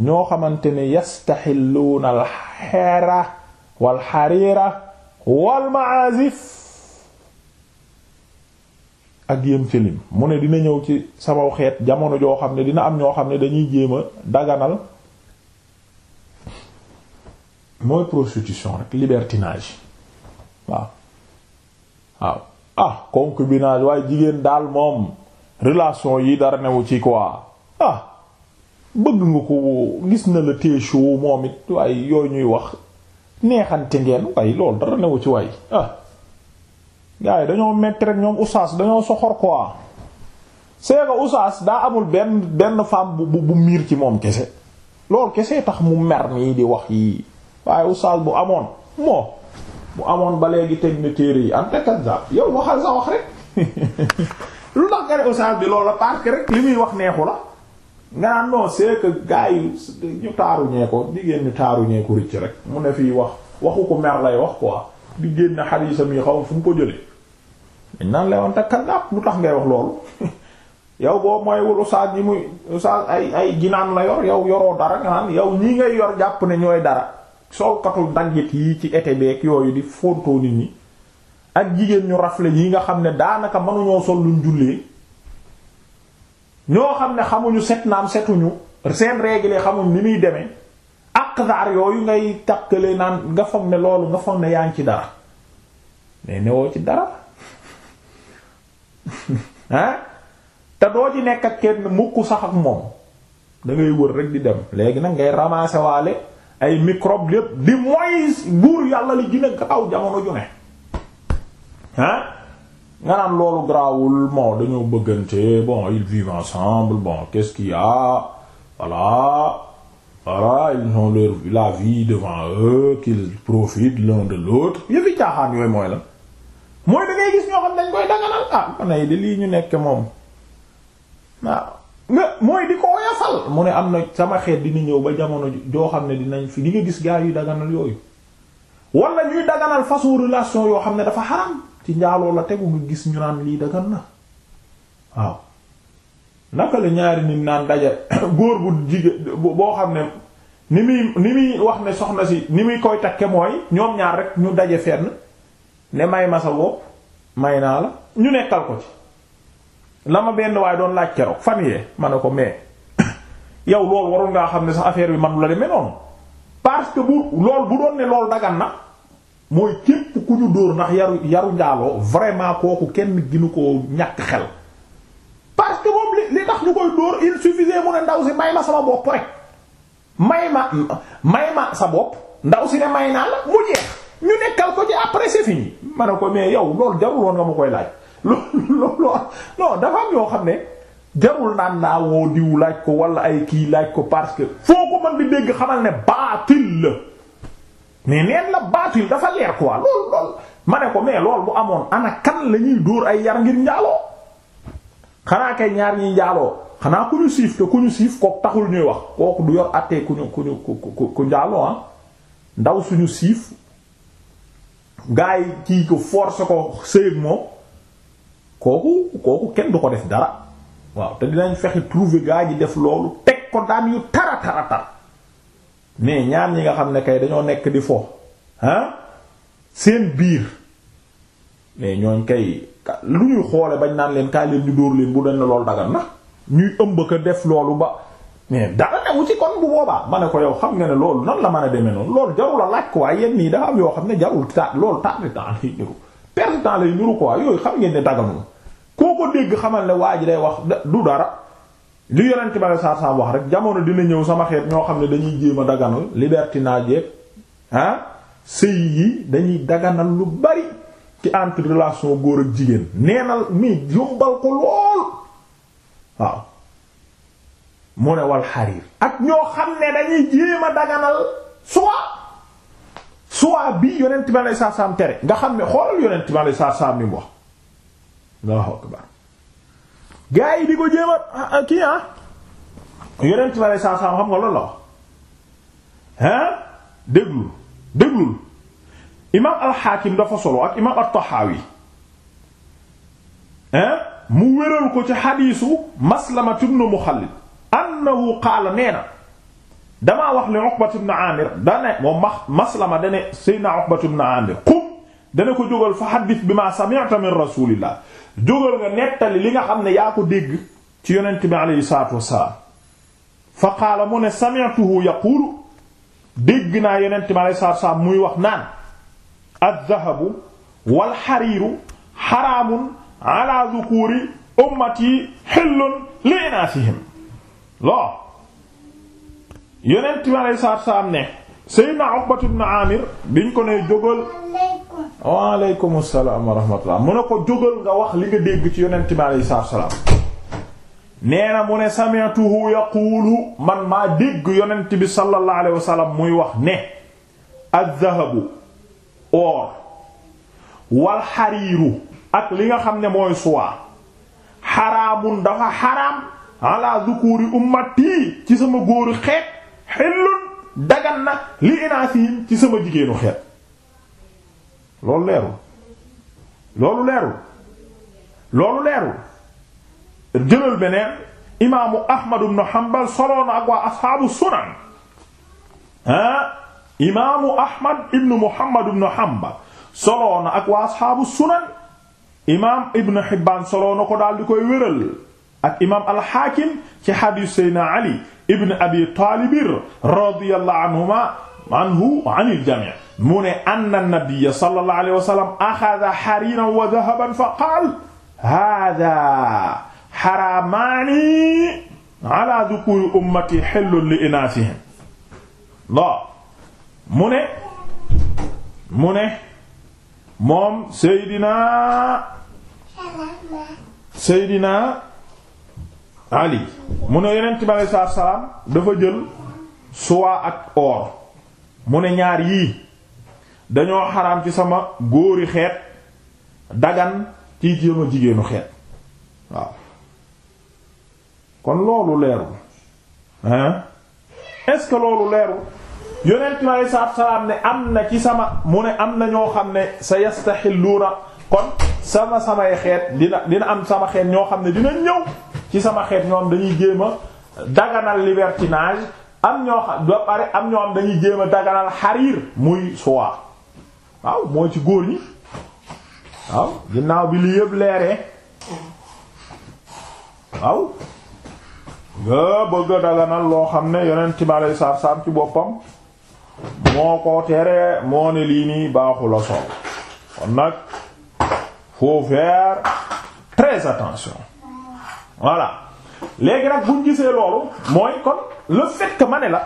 Speaker 1: ñoo xamante ne yastaxilluuna alxera wal xariira wal maazif ak yem filim mu ne dina ñëw ci sama xeet jamono joo xam ne dina am ñoo xam ne dañuy jéem a daganal mooy prostitution rek libertinage waaw waaw ah concubinage waaye jigéen daal moom relation yi dara newu ci quoi ah bëgg nga ko gis na la téesu moom it waaye yooyu ñuy wax neexante ngeen waaye loolu dara newu ci waay ah. gars yi dañoo metti rek ñoom oustaz dañoo soxor quoi c'est que daa amul benn benn femme bu bu miir ci moom kese loolu kese tax mu mer nii di wax yii waaye oustaz bu amoon moo bu amoon ba léegi teg na yi am takazab yow waxal sa wax rek lu tax nga ne oustaz bi loolu la parce rek li muy wax neexu la nga naan non c'est que gars yi ñu taaruñee ko jigéen ñu taaruñee ko rëcc rek mu ne fii wax waxu ko mer lay wax quoi. di génn xadiisam yi xaw fu mu ko jëlee dañ la woon te kaddaab lu tax ngay wax loolu yow boo mooywul usaas yi muy usaas ay ay jinaan la yor yow yoroo dara nga naan yow ñii ngay yor jàpp ne ñooy dara solkatul daggit yi ci été beeg yooyu di fontoo nit ak jigéen ñu rafle yi nga xam ne daanaka mënuñoo sol luñ jullee ñoo xam ne xamuñu set naam setuñu seen règle xamuñ ni muy demee aqdaar yooyu ngay takkale naan nga foog ne loolu nga foog ne yaa ngi ci dara mais newoo ci dara ah te doo ci nekk kenn mukk sax ak moom da ngay wër rek di dem léegi nag ngay ramasser waale ay microbe lépp di mooy buur yàlla li gën a gaaw jamono ju ne ah nga naan loolu garaawul bon dañoo bëggante bon ils vivent ensemble bon qu'est-ce qu'il y voilà ils ont leur la vie devant eux qu'ils profitent l'un de l'autre yëfi caaxaan yooyu mooy la mooy da gis ñoo xam dañ koy daganal ah man yi de lii ñu nekk moom waaw ah, nga mooy di ko woyafal mu ne am na sama xeet dina ñëw ba jamono joo xam ne dinañ fi di nga gis gaa yuy daganal yooyu wala ñuy daganal façon relation yoo xam ne dafa xaram ci njaaloo la tegu nga gis ñu naan lii dagan na waaw naka la ñaari nit naan daje góor bu jigéen boo xam ne ni muy ni muy wax ne soxna si ni muy koy takke mooy ñoom ñaar rek ñu daje fenn ne may ma wopp may naa la ñu nekkal ko ci la ma benn waaye doon laaj keroog fan yee ma ne ko mais yow loolu waroon ngaa xam ne sax affaire bi man la demee noonu parce que bu lool bu doon ne loolu dagan na mooy képp ku ñu dóor ndax yaru yaru njaaloo vraiment kooku kenn ginu ko ñàkk xel parce que moom li li ñu koy dóor il suffisait mu ne ndaw si may ma sama bopp rek may ma may ma sa bopp ndaw si ne may naa la mu jeex ñu nekkal ko ci après c'est fini ma ne ko mais yow loolu jarul woon nga ma koy laaj loolu loolu yoo xam ne jarul naan naa woo laaj ko wala ay kii laaj ko parce que foo ko mën di la mais neen la ma ne ko mais loolu bu amoon ana kan la ñuy dóor ay yar ngir njaaloo xanaa kay ñaar ñiy njaaloo xanaa ku ñu siif te ku ñu siif kooku taxul ñuy wax kooku du yor àttee ku ñu ku ñu ku ku njaaloo ah. ndaw suñu siif gaa yi kii ko force ko sëyëg moom kooku kooku kenn du ko def dara waaw te dinañ fexe trouver gaa ji def loolu teg ko daan yu tara tara tara mais ñaar ñi nga xam ne kay dañoo nekk di fo ah seen biir mais ñooñ kay lu ñuy xoole bañ naan leen kaay leen ñu dóor leen bu dañ na loolu dagan na ñuy ëmb ko def loolu ba mais dara newu ci kon bu boobaa ma ne ko yow xam nga ne loolu nan la mën a demee noonu loolu jarul a ko quoi yenn nii dafa am yoo xam ne jarul ta loolu tardé temps lay niru perte temps lay niru quoi yooyu xam ngeen ne daganul koo ko dégg xamal ne waa ji day wax du dara li yonente bale saa saa wax rek jamono dina ñëw sama xeet ñoo xam ne dañuy jéem a daganal libertinage ah sëy yi dañuy daganal lu bari ci entre relation góor ak jigéen neenal mi yombal ko lool waaw mu ne wal xariir ak ñoo xam ne dañuy jéem a daganal soit soit bi yonent bi alayhi salaam tere nga xam ne xoolal yonent bi alayhi salaam ni mu wax Allahu akbar gaa yi di ko jéem a ah, ah, kii ah. yonent bi alayhi salaam xam nga loolu la wax hein déglul déglul imam alxaakim dafa solo ak imam altaxaawi mu wéral ko ci xadiisu maslamatu ibnu muxallid annahu qaala nee damaa wax li uqbat ibn amir dane moom ma maslama dane saydna uqbat ibn amir qum dane ko jógal fa xaddis bi ma sami'ta min rasulillah jógal nga nettali li nga xam ne yaa ko dégg ci yonent bi aleyhi salatu wasalaam fa qaala mu ne sami'tuhu yaquulu dégg naa yonent bi aleyhi salatu muy wax naan addahabu wal xariiru xaraamun ala zukuuri ummati xillun li inaasihim loo yonent bi aleyhi salaatu salaam ne Seydina Uqbatu ibn Aamir biñ ko ne jógal waaleykum salaam wa rahmatullah mu ne ko jógal nga wax li nga dégg ci yonent bi aleyhi salaatu salaam nee na mu ne sami'tuhu yaquulu man maa dégg yonent bi sallallahu alayhi wa sallam muy wax ne addahabu or wal ak li nga xam ne mooy soie xaraamun dafa xaraam ala zukuri ummati ci sama góoru xeet xillun dagan na li inaasihim ci sama jigéenu xeet loolu leerul loolu leerul loolu leerul jëlal beneen imaamu Ahmad ibn Hanbal soloon ak waa ashaabu sunan ah imaamu ahmad ibnu muhammad ibnu hanbal soloo na ak waa asxaabu sunan imaam ibnu hibbaan soloo na ko daal di koy wéral ak imaam alxaakim ci xadiis seydna ali ibnu abi taalibir radiyallahu anhuma anhu anil jamii mu ne anna nabiyya sallallahu alayhi wa sallam axada xariiran wa dahaban fa qaal haadaa xaraamaani ala dukuri ummati xillun li inaasihim mu ne mu ne moom Seydina Seydina Ali mu ne Yonent bi alayhi salaatu salaam dafa jël soie ak or mu ne ñaar yii dañoo xaraam ci sama góori xeet dagan ci jéema jigéenu xeet waaw kon loolu leerul hein loolu leerul yonent mi aleyhi salaam ne am na ci sama mu ne am na ñoo xam ne sa yastaxilluuna kon sama samay xeet dina dina am sama xeet ñoo xam ne dina ñëw ci sama xeet ñoom dañuy jéem daganal libertinage am ñoo xam ba pare am ñoo xam dañuy jéem a daganal xariir muy soie waaw mooy ci góor ñi waaw ginnaaw bi li yëpp leeree waaw nga bëgg a daganal loo xam ne yonent mi aleyhi salaatu salaam ci boppam. moo ko tere moo ne lii nii baaxula sol kon nag faut faire très attention voilà léegi nag buñ gisee loolu mooy kon le fait ma ne la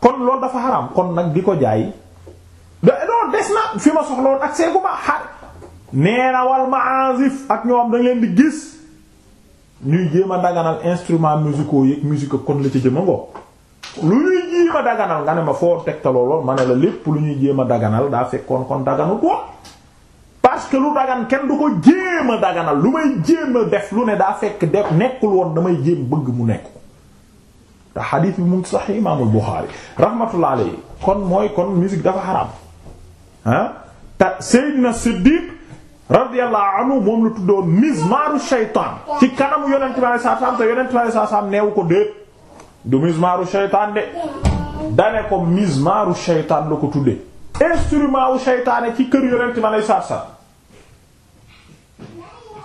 Speaker 1: kon loolu dafa xaraam kon nag di ko jaay da loolu des na fi ma soxla woon ak seegu ma xar nee na wal maazif ak ñoom dañ leen di gis ñuy jéem a daganal instruments musicaux yeeg musique kon la ci jëma bopp lu ñuy jéem a daganal nga ne ma foo tegtaloo lool ma ne la lépp lu ñuy jéem a daganal daa fekkoon kon daganut woon parce que lu dagan kenn du ko jéem a daganal lu may jéem a def lu ne daa fekk def nekkul woon damay jéem bëgg mu nekk te xadiis bi mu ngi sax imaamul Buxaari rahmatullah kon mooy kon musique dafa xaraam ah te Seydina Siddiq radiyallahu anhu moom la tuddoon mizmaru shaytaan ci kanamu yonent bi sallallahu alayhi wasallam te yonent bi sallallahu alayhi ko déet du mismaaru shaytaan de dane ko mismaaru shaytaan la ko tudde instrument wu shaytaane ci kër yonent ma lay sarsar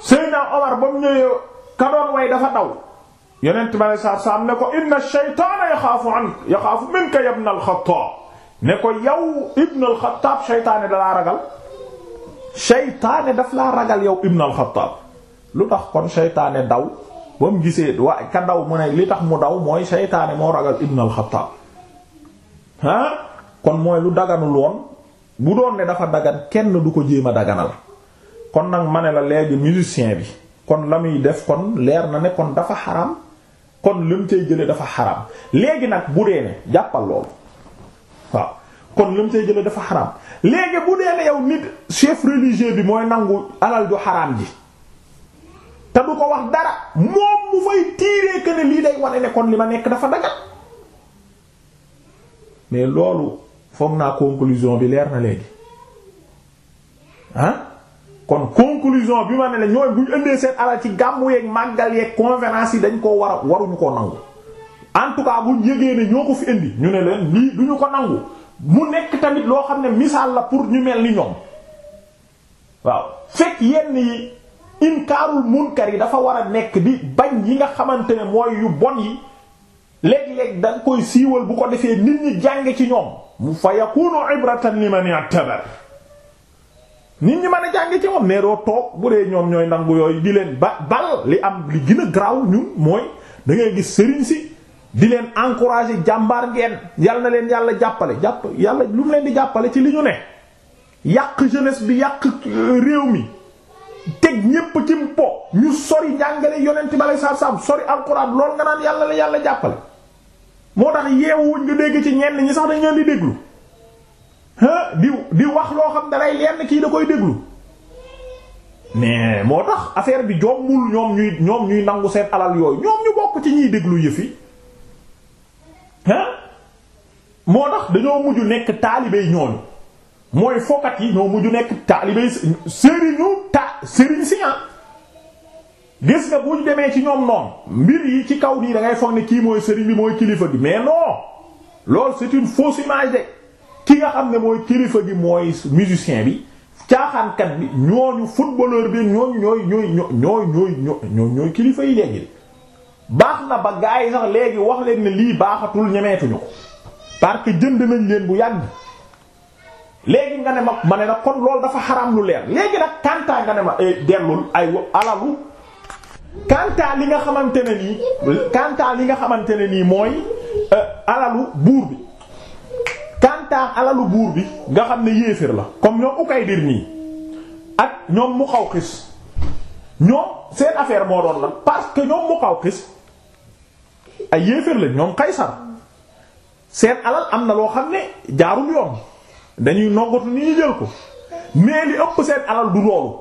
Speaker 1: Seydina ñëwee ka way dafa daw yonent ma lay sarsar ne ko inna shaytaana yaxaafu minka ya ibnal Xattaab ne ko yow ibnal Xattaab shaytaane dalaa ragal shaytaane daf laa ragal yow ibnal Xattaab lu tax kon shaytaane daw ba mu gisee waa ka daw mu ne li tax mu daw mooy seytaane moo ragal ibn al-Xattaab kon mooy lu daganul bu doon ne dafa dagan kenn du ko jéem a daganal kon nag ma ne la léegi musicien bi kon la muy def kon leer na ne kon dafa xaram kon lam cay jële dafa xaram léegi nag bu dee ne jàppal loolu waaw kon lam cay jële dafa xaram léegi bu dee ne yow nit chef religieux bi mooy nangu alal ju xaram ji te du ko wax dara moom mu fay tiiree que ne lii day wane ne kon li ma nekk dafa dagal mais loolu foog naa conclusion bi leer na léegi ah kon conclusion bi ma ne la ñooy bu ñu ëndee seen alal ci gàmmu yeeg màggal yeeg conférence yi dañ koo war a waruñu koo nangu en tout ñu ne ñoo ko fi indi ñu ne leen lii du ko nangu mu nekk tamit loo xam ne misaal la pour ñu mel ni ñoom waaw fekk yenn yi. inkaarul munkar yi dafa war a nekk di bañ yi nga xamante ne mooy yu bon yi léeg-léeg da koy siiwal bu ko defee nit jàng ci ñoom mu fa yakunu ibratan nit ñi mën a jàng ci moom mais doo toog bu dee ñoom ñooy nangu yooyu di leen ba bal li am li gën a garaaw ñun mooy da ngay gis sëriñ si di leen encourager jàmbaar ngeen yal na leen yàlla jàppale jàpp yàlla lu mu leen di jàppale ci li ñu ne yàq jeunesse bi yàq réew mi teg ñépp ci mpo ñu sori njàngale yonent ba lay saab-saab sori alxuraan lool nga naan yàlla la yàlla jàppale moo tax yeewuñ nga dégg ci ñenn ñi sax dañ leen di déglu di di wax loo xam ne lay lenn kii da koy déglu mais moo tax affaire bi jombul ñoom ñuy ñoom ñuy nangu seen alal yooyu ñoom ñu bokk ci ñiy déglu yëfi ah moo tax dañoo mujj nekk taalibe ñooñu mooy fokat yi ñoo mujj nekk taalibey sëriñu ta sëriñ si ah. gis nga bu ñu demee ci ñoom noonu mbir yi ci kaw nii da ngay foog ne kii mooy sëriñ bi mooy kilifa gi mais non loolu c'est une fausse ki nga xam ne mooy kilifa gi mooy musicien bi caaxaankat bi ñooñu footballeur bi ñooñu ñooy ñooy ñooy ñooy kilifa yi léegi baax na ba gars yi sax léegi wax leen ne lii baaxatul ñemeetuñu ko parce jënd nañ leen bu yàgg. léegi nga ne ma ma ne nag kon loolu dafa xaram lu leer léegi nag kantaa nga ne ma eh, dellul ay alalu kantaa li nga xamante ne nii kantaa li nga xamante ne nii mooy eh, alalu buur bi kantaa alalu buur bi nga xam ne yéeféer la comme ñoom Ukaydir nii ak ñoom Muqawqis ñoom seen affaire moo doon lan parce que ñoom Muqawqis ay yéeféer la ñoom Qaysar seen alal am na loo xam ne jaarul yoon dañuy noggatu ni ñu jël ko mais li ëpp seen alal du loolu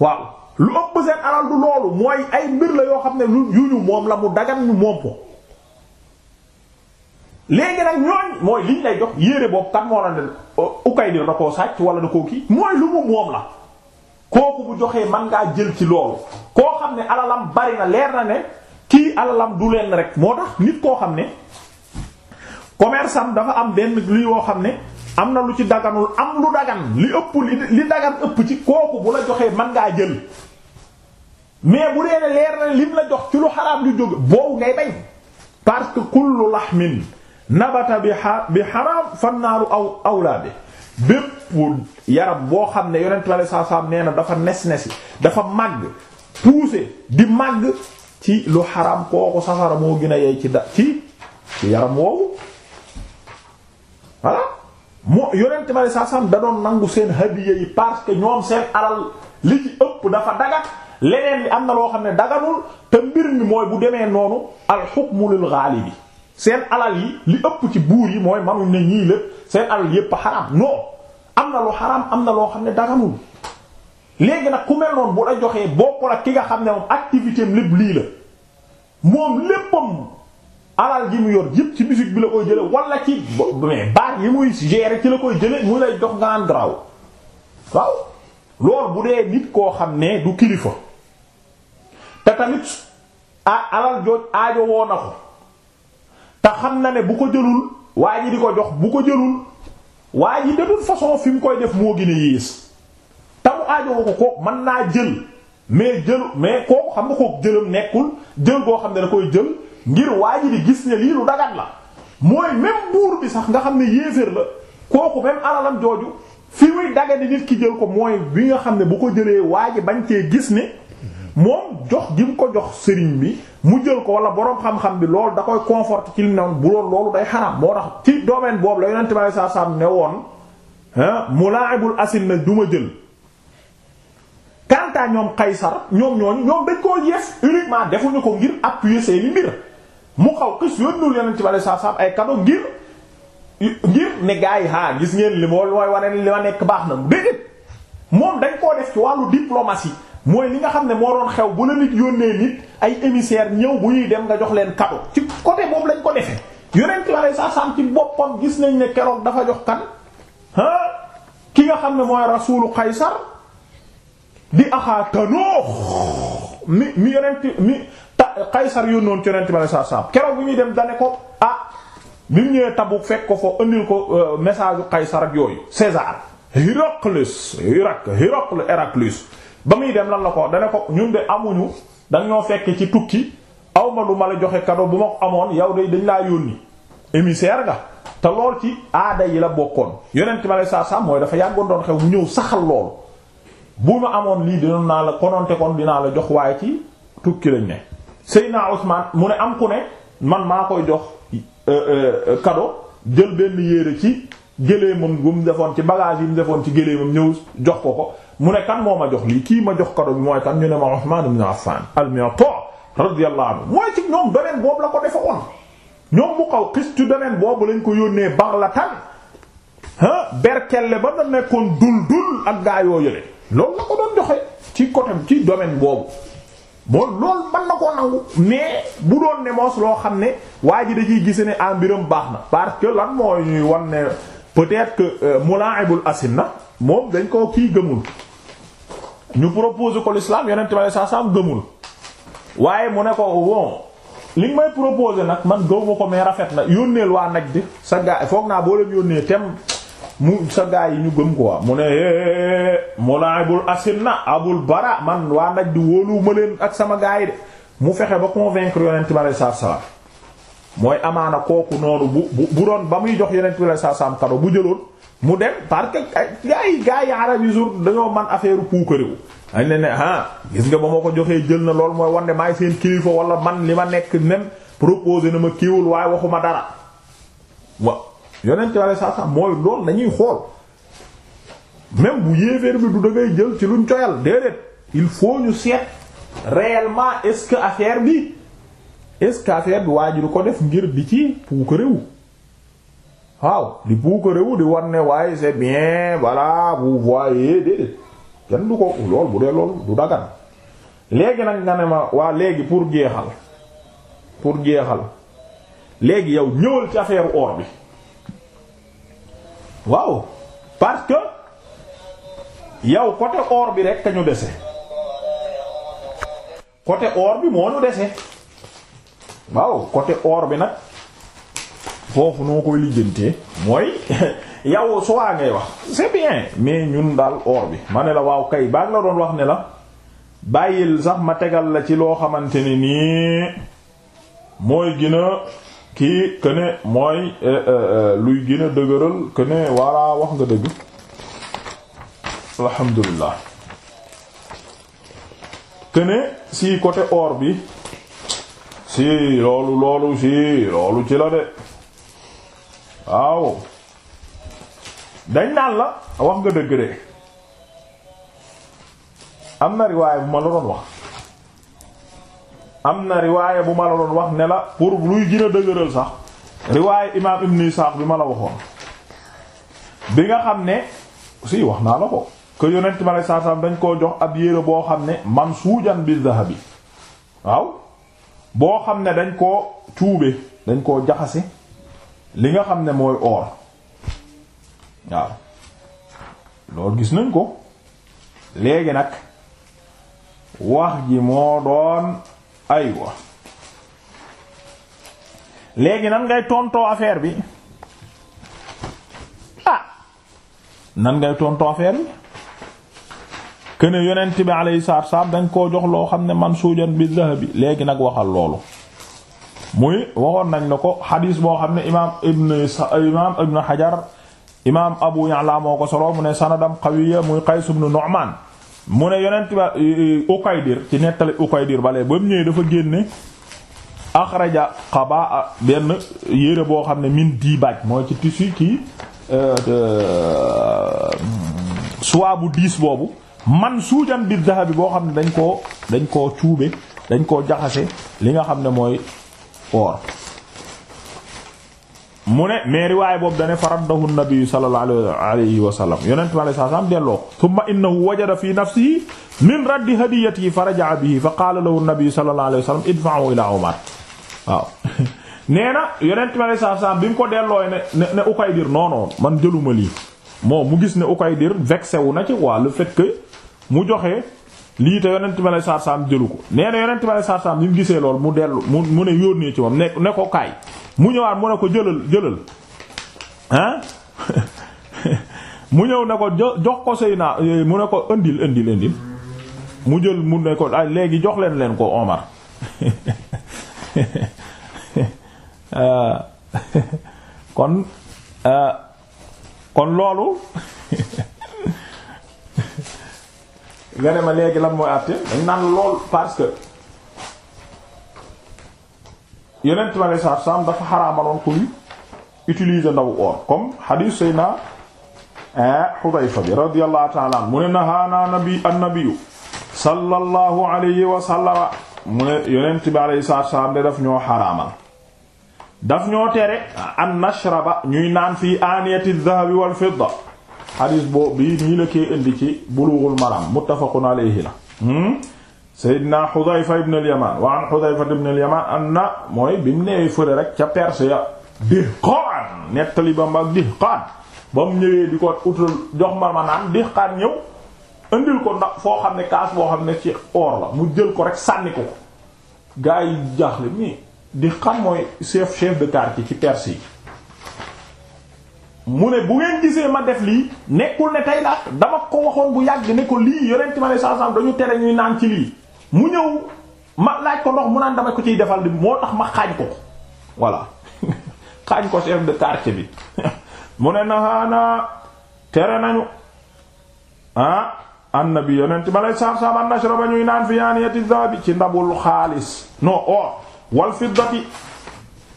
Speaker 1: waaw lu ëpp seen alal du loolu mooy ay mbir la yoo xam ne lu yu ñu moom la mu dagan ñu moom ko léegi nag ñooñ mooy liñ lay jox yére boobu kat moo la ne euh, ukay di da koo sàcc wala da koo kii mooy lu mu moom la kooku bu joxee man ngaa jël ci loolu koo xam ne alalam bari leer na ne kii alalam du leen rek moo tax nit koo xam ne commerçant dafa am benn li yoo xam ne am na lu ci daganul am lu dagan li ëpp li dagan ëpp ci kooku bu la joxee mën ngaa jël mais bu dee ne leer na lim la jox ci lu xaraam lu jóg boobu ngay bañ parce que kullu laxmin nabata bi bi xaraam fannaaru aw awlaa bi bépp yaram boo xam ne yonent bi saa saa nee na dafa nes nesi dafa màgg pousser di màgg ci lu xaraam kooku safara moo gën a yey ci da ci ci yaram woowu moo yonent ma saa sam da doon nangu seen hadiya yi parce que ñoom seen alal li ci ëpp dafa daga leneen li am na loo xam ne daganul te mbir mi mooy bu demee noonu alxukmu lil bi seen alal yi li ëpp ci buur yi mooy manuñ ne ñii lépp seen alal yépp a xaraam non am na lu xaraam am na loo xam ne daganul léegi nag ku mel noonu bu la joxee bokkul ak ki nga xam ne moom activité am lépp lii la moom léppam alal ji mu yor yëpp ci musique bi la koy jële wala ci mais baat yi muy gérer ci la koy jële mu lay jox ngaan graw waaw loolu bu dee nit koo xam ne du kilifa te tamit a alal jooj aajo woo na ko te xam na ne bu ko jëlul waa ji di ko jox bu ko jëlul waa ji de toute façon fi mu koy def moo gën a yées te mu aajo woo ko kooku naa jël mais jël mais koo xam nga kooku jëlam nekkul jël boo xam ne da koy jël ngir waa ji di gis ne lii lu dagat la mooy même buur bi sax nga xam ne yéeféer la kooku même alalam jooju fi muy dagat di nit ki jël ko mooy bi nga xam ne bu ko jëlee waa ji bañ cee gis ne moom jox gi mu ko jox sëriñ bi mu jël ko wala boroom xam-xam bi loolu da koy conforte ci li ne woon bu loolu day xaram moo tax ci domaine boobu la yonent bi saa saa ne woon mulaa'ibul asil na duma jël. quant ñoom Qaysar ñoom ñooñu ñoom dañ koo yees uniquement defuñu ko ngir appuyer mu xaw Muqawqis yónnul yonent bi alayhi salaam ay cadeau ngir ngir ne gars yi ah gis ngeen li mooy wane li ma nekk baax na mu déedéet moom dañ koo def ci wàllu diplomatie mooy li nga xam ne moo doon xew bu la nit yónnee nit ay émissaire ñëw bu ñuy dem nga jox leen cadeau ci côté boobu lañ ko defee yonent bi alayhi ci boppam gis nañ ne keroog dafa jox kan ah ki nga xam ne mooy rasuulu Qaysar di axaa tanoox mi mi yonent mi Qaysar yónnoon ci Yonent bi sallallahu alayhi wa sallam keroog bi ñuy dem dane ko ah bi mu ñëwee fekk ko foofu indil ko euh, message u Qaysar ak yooyu César Héraclius Hérac Héracle ba muy dem lan la ko dane ko ñun de amuñu dañoo fekk ci tukki aw ma lu ma la joxe cadeau bu ma ko amoon yow de dañ laa yónni émissaire nga te lool ci aada yi la bokkoon Yonent bi sallallahu alayhi wa mooy dafa yàggoon doon xew bu ñëw saxal loolu bu ma amoon lii dinoon naa la kononte kon dinaa la jox ci tukki lañ Seyna Ousmane mu ne am ku ne man maa koy jox euh, euh, cadeau jël benn yére ci géléemam bu mu defoon ci bagage yi mu defoon ci géléemam ñëw jox ko ko mu ne kan moo ma jox lii kii ma jox cadeau bi mooy kan ñu ne ma Ousmane ibn Affan al-Mu'ta radiyallahu anhu mooy ci ñoom domaine boobu la ko defe woon ñoom mu xaw xis ci domaine boobu lañ ko yónnee Baghlatan ah berkelle ba na nekkoon dul dul ak gaa yoo yële loolu la ko doon joxe ci côté ci domaine boobu mooy loolu man na koo nangu mais bu doon ne moos loo xam ne waa ji da ciy gise ne en ah, mbiram baax na parce que lan moo ñuy wan ne peut-être que euh, mulaahibul asin na moom dañ koo kii gëmul ñu proposé ko l'islam yonent ma saa saam gëmul waaye mu ne ko bon li may proposé nag man gëw ko mais rafet na yónneel waa naj di sa gaa foog naa boo leen yónnee tem mu sa gaa yi ñu gëm quoi mu ne mulaibul na abul bara man waa naj di wóoluwuma leen ak sama gaa yi de mu fexe ba convaincre yonent bi alei saatu salaam mooy amaana kooku noonu bu bu bu doon ba muy jox yonent bi alei saatu kado bu jëloon mu dem parce que gaa yi gaa yi arab yi jour dañoo man affaire puukariwu dañ ne ne ah gis nga ba ma ko joxee jël na lool mooy wan ne maay seen kilifa wala man li ma nekk même proposé na ma kiiwul waaye waxuma dara wa yonent wala saa saa mooy loolu dañuy xool même bu yéeféer bi du dangay jël ci luñ coyal déedéet il faut ñu seet réellement est-ce que affaire bi est-ce bi waa ji ko def ngir bi ci puukarewu waaw di puukarewu di war ne waaye c'est bien voilà vous voyez déedéet kenn du ko lool bu dee loolu du dagan léegi nag nga ne ma waa léegi pour jeexal pour jeexal léegi yow ñëwal ci affaire or bi. waaw parce que yow côté or bi rek ka ñu dese côté or bi moo ñu dese waaw côté or bi nag foofu noo koy lijjantee mooy yow suwaa ngay wax c'est bien mais ñun daal or bi ma ne la waaw kay baa la doon wax ne la bàyyil sax ma tegal la ci loo xamante ne nii mooy gën a kii que mooy eh, eh, eh, luy gën a dëgëral que walla wax nga dëgg alhamdulilah que ne si côté or bi si loolu loolu si loolu ci la de waaw dañ naan la wax nga dëgg de am na riwaay bu ma la doon wax. am na riwaaya bu ma la doon wax ne la pour luy gën dëgëral sax riwaaya imaam ibn Isaaq bi ma la waxoon bi nga xam ne si wax naa la ko que yonent ma la saa saam dañ koo jox ab yére boo xam ne mansuujan bi dahabi waaw boo xam ne dañ koo cuube dañ koo jaxase li nga xam ne mooy oor waaw loolu gis nañ ko léegi nag wax ji moo doon aywa léegi nan ngay tontoo affaire bi ah nan ngay tontoo affaire bi kene yonent bi alayhi salaatu salaam dañ koo jox loo xam ne man suujan bi dahabi léegi nag waxal loolu muy waxoon nañ la ko xadiis boo xam ne imaam ibn imaam ibn Hajar imaam Abu Ya'la moo ko solo mu ne sanadam qawiyya muy Qays ibn Nu'man mu ne yonent ba Ukaydir euh, euh, ci nettali Ukaydir balee ba mu ñëwee dafa génne axraja xabaa benn yére boo xam ne min diibaaj mooy ci tissu ci euh, soie bu diis boobu man suujan bi dahabi boo xam ne dañ koo dañ koo cuube dañ koo jaxase li nga xam ne mooy or mu ne mais riwaay boobu dane faraddahu nabi sallallahu alayhi wa sallam yonent bi alayhi salaam delloo thumma innahu wajada fi nafsihi min raddi hadiyatihi fa raja'a bihi fa qaala lahu nabi sallallahu alayhi wa sallam idfa'u ila Umar waaw nee na yonent bi alayhi bi mu ko dellooy ne ne Ukaydir non non man jëluma lii moo mu gis ne Ukaydir vexé wu na ci waa le fait mu joxe lii te yonent bi alayhi jëlu ko nee na yonent bi alayhi salaam bi mu gisee lool mu dellu mu mu ne yónnee ci moom kaay mu ñëwaat mu ne ko jëlal jëlal ah mu ñëw ne ko jox ko sëy naa eh, mu ne ko indil indil indil mu jël mu ne ko ay léegi jox leen leen ko Omar euh, kon euh, kon loolu nga ne ma léegi la mooy àtte dañ naan lool parce que yonent ma ne saar saam dafa xaraamaloon kuy utiliser ndawu or comme hadith sayna Xudayfa bi radiyallahu ta'ala anhu mu ne nahaana nabi annabiyu sallallahu alayhi wa mu ne yonent alayhi salaatu de daf ñoo xaraamal daf ñoo tere an nashraba ñuy naan fii aaniyati dahabi wal fidda xadiis boobu nii la koy indi ci bulughul maram muttafaqun alayhi la hmm? Seydina Xudayfa ibn al-Yaman wa an Xudayfa ibn al-Yaman mooy bi mu neewee fëre rek ca Perse ya Dihqaan ba mag Dihqaan ba di ko utal jox ma ma ko ndax foo xam ne kaas boo xam ne ci mu jël ko rek sànni ko ko gaa yi jaaxle mooy chef chef de quartier ci Perse yi mu ne bu ngeen gisee ma def lii nekkul ne tey la dama ko waxoon bu yàgg ne ko lii yonent ma ne saa dañu tere ñuy naan ci lii mu ñëw ma laaj ko ndox mu naan dama ko ciy defal di moo tax ma xaañ ko voilà xaañ ko chef de quartier bi mu ne nahaana tere nañu ah annabi yonent ma lay saab saab an nashraba ñuy naan fi yaaniyati zahabi ci ndabul xaalis no or wal fiddati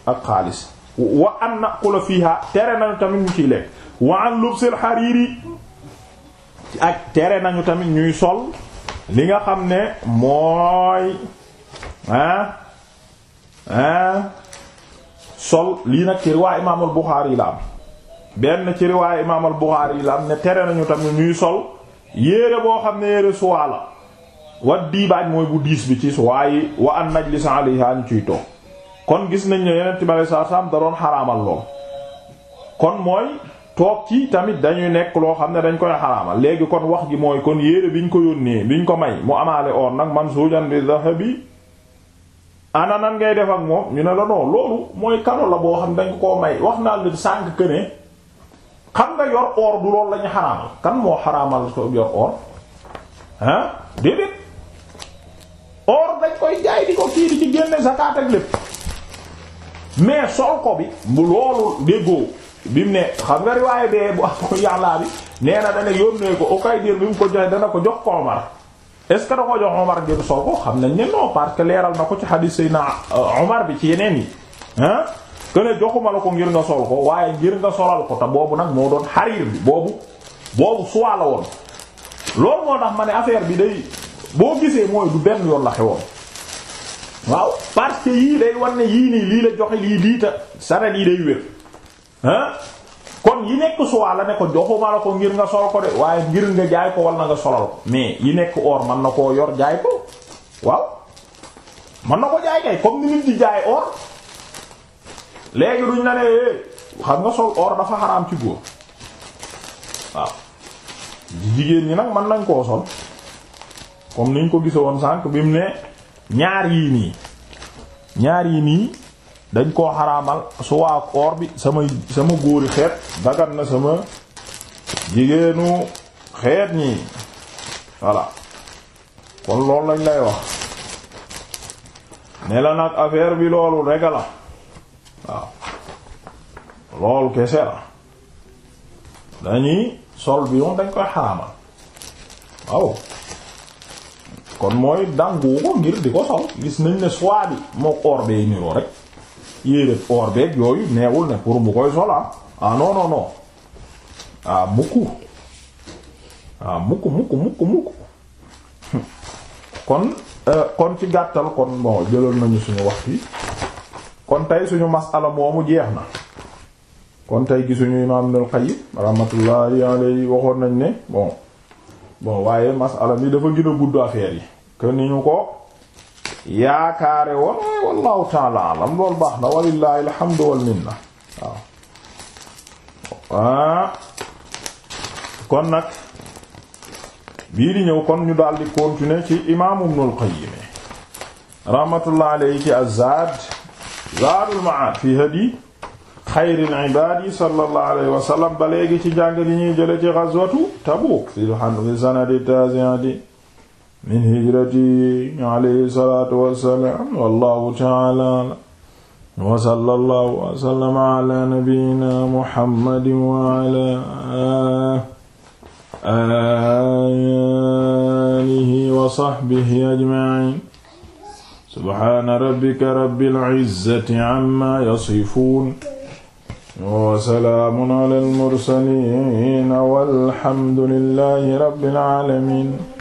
Speaker 1: ak xaalis wa an naqula fiha tere nañu tamit ñu ciy tere nañu tamit ñuy sol li nga xam ne mooy ah sol lii nag ci riwaay imaamul Buxaari la am benn ci riwaay imaamul Buxaari la am ne tere nañu tamit ñuy sol yére boo xam ne yéere suwaa la wa diibaaj mooy bu diis bi ci suwaa wa an najlisa alayha ciy toog kon gis nañ ne yeneen ci saa saam da xaraamal lool kon mooy. toog ci tamit dañuy nekk loo xam ne dañ koy xaraamal léegi kon wax gi mooy kon yére biñ ko yónnee biñ ko may mu amaale or nag man suujan bi dahabi ana nan ngay def ak moom ñu ne la loolu mooy kado la boo xam ne dañ koo may wax naa la sànq que xam nga yor or du loolu la ñu kan moo xaraamal soo yor or ah déedéet or dañ koy jaay di ko kii di ci génne zakat ak lépp mais sol ko bi bu loolu déggoo. bi mu ne xam nga riwaaye bee bu am yàllaa bi nee na dana yónnee ko Ukaydir bi mu ko joxe dana ko jox ko Omar est ce que da ko jox Omar ngir sol ko xam nañ ne non que leeral na ko ci xadiis Seydina euh, Omar bi ci yeneen yi ah que ko ngir nga sol ko waaye ngir nga solal ko te boobu nag moo doon xariir bi boobu boobu suwaa la woon loolu moo tax ma ne affaire bi day boo gisee mooy du benn yoon la xewoon waaw parce que yii day wan ne yii nii lii la joxe lii diita saret yi day wér kon yi nekk suwaa la ne ko joxuma la ko ngir nga sol ko de waaye ngir nga jaay ko wala nga solal ko mais yi nekk or man na koo yor jaay ko waaw man na ko jaay kay comme ni nit di jaay or léegi duñ la ne eh, xam nga sol or dafa xaraam ci góor waaw jigéen ñi nag mën nañ koo sol comme niñ ko woon sànq bi mu ne ñaar yii nii ñaar yii nii dañ koo xaraamal su waa bi sama sama góori xeet dagan na sama jigéenu xeet ñi voilà kon loolu lañ lay wax ne la nag affaire bi loolu rek la waaw loolu kese la dañuy sol bi moom dañ koy xaraamal waaw kon mooy dàngu ko ngir di ko sol gis nañ ne soit bi moo koor bee niroo rek yére or yooyu neewul ne pour mu koy sola ah. ah non non non ah mukku ah mukku mukku kon euh, kon ci gàttal kon bon jëloon nañu suñu waxtu yi kon tey suñu masala moomu jeex na kon tey gisuñu imaam Ibnul Qayyim rahmatullahi alayhi waxoon nañ ne bon bon waaye masala mi dafa gën gudd affaire yi que ko yaakaare woon waaye wallahu taala alam loolu baax na walillahi alhamdu wal minna waaw ah. kon nag bii di ñëw kon ñu daal di continuer ci imaamu Ibnul Qayyim rahmatullah alayhi ci azad zaadul ma'aad fi hadi xayril ibaad sallallahu alayhi wa sallam ba léegi ci jàng li ñuy jële ci ghazwatu Tabuuk fi sanadi taasi'ati min hijratihi alayhi salaatu wassalaam wallahu ta'ala wa sallallahu wa sallama ala nabiyyina muhammadin wa ala alihi wa sahbihi ajma'in subhaana rabbika rabbil izzati amma yasifuun wa salaamun ala al mursaliin walhamdulillahi rabbil aalamiin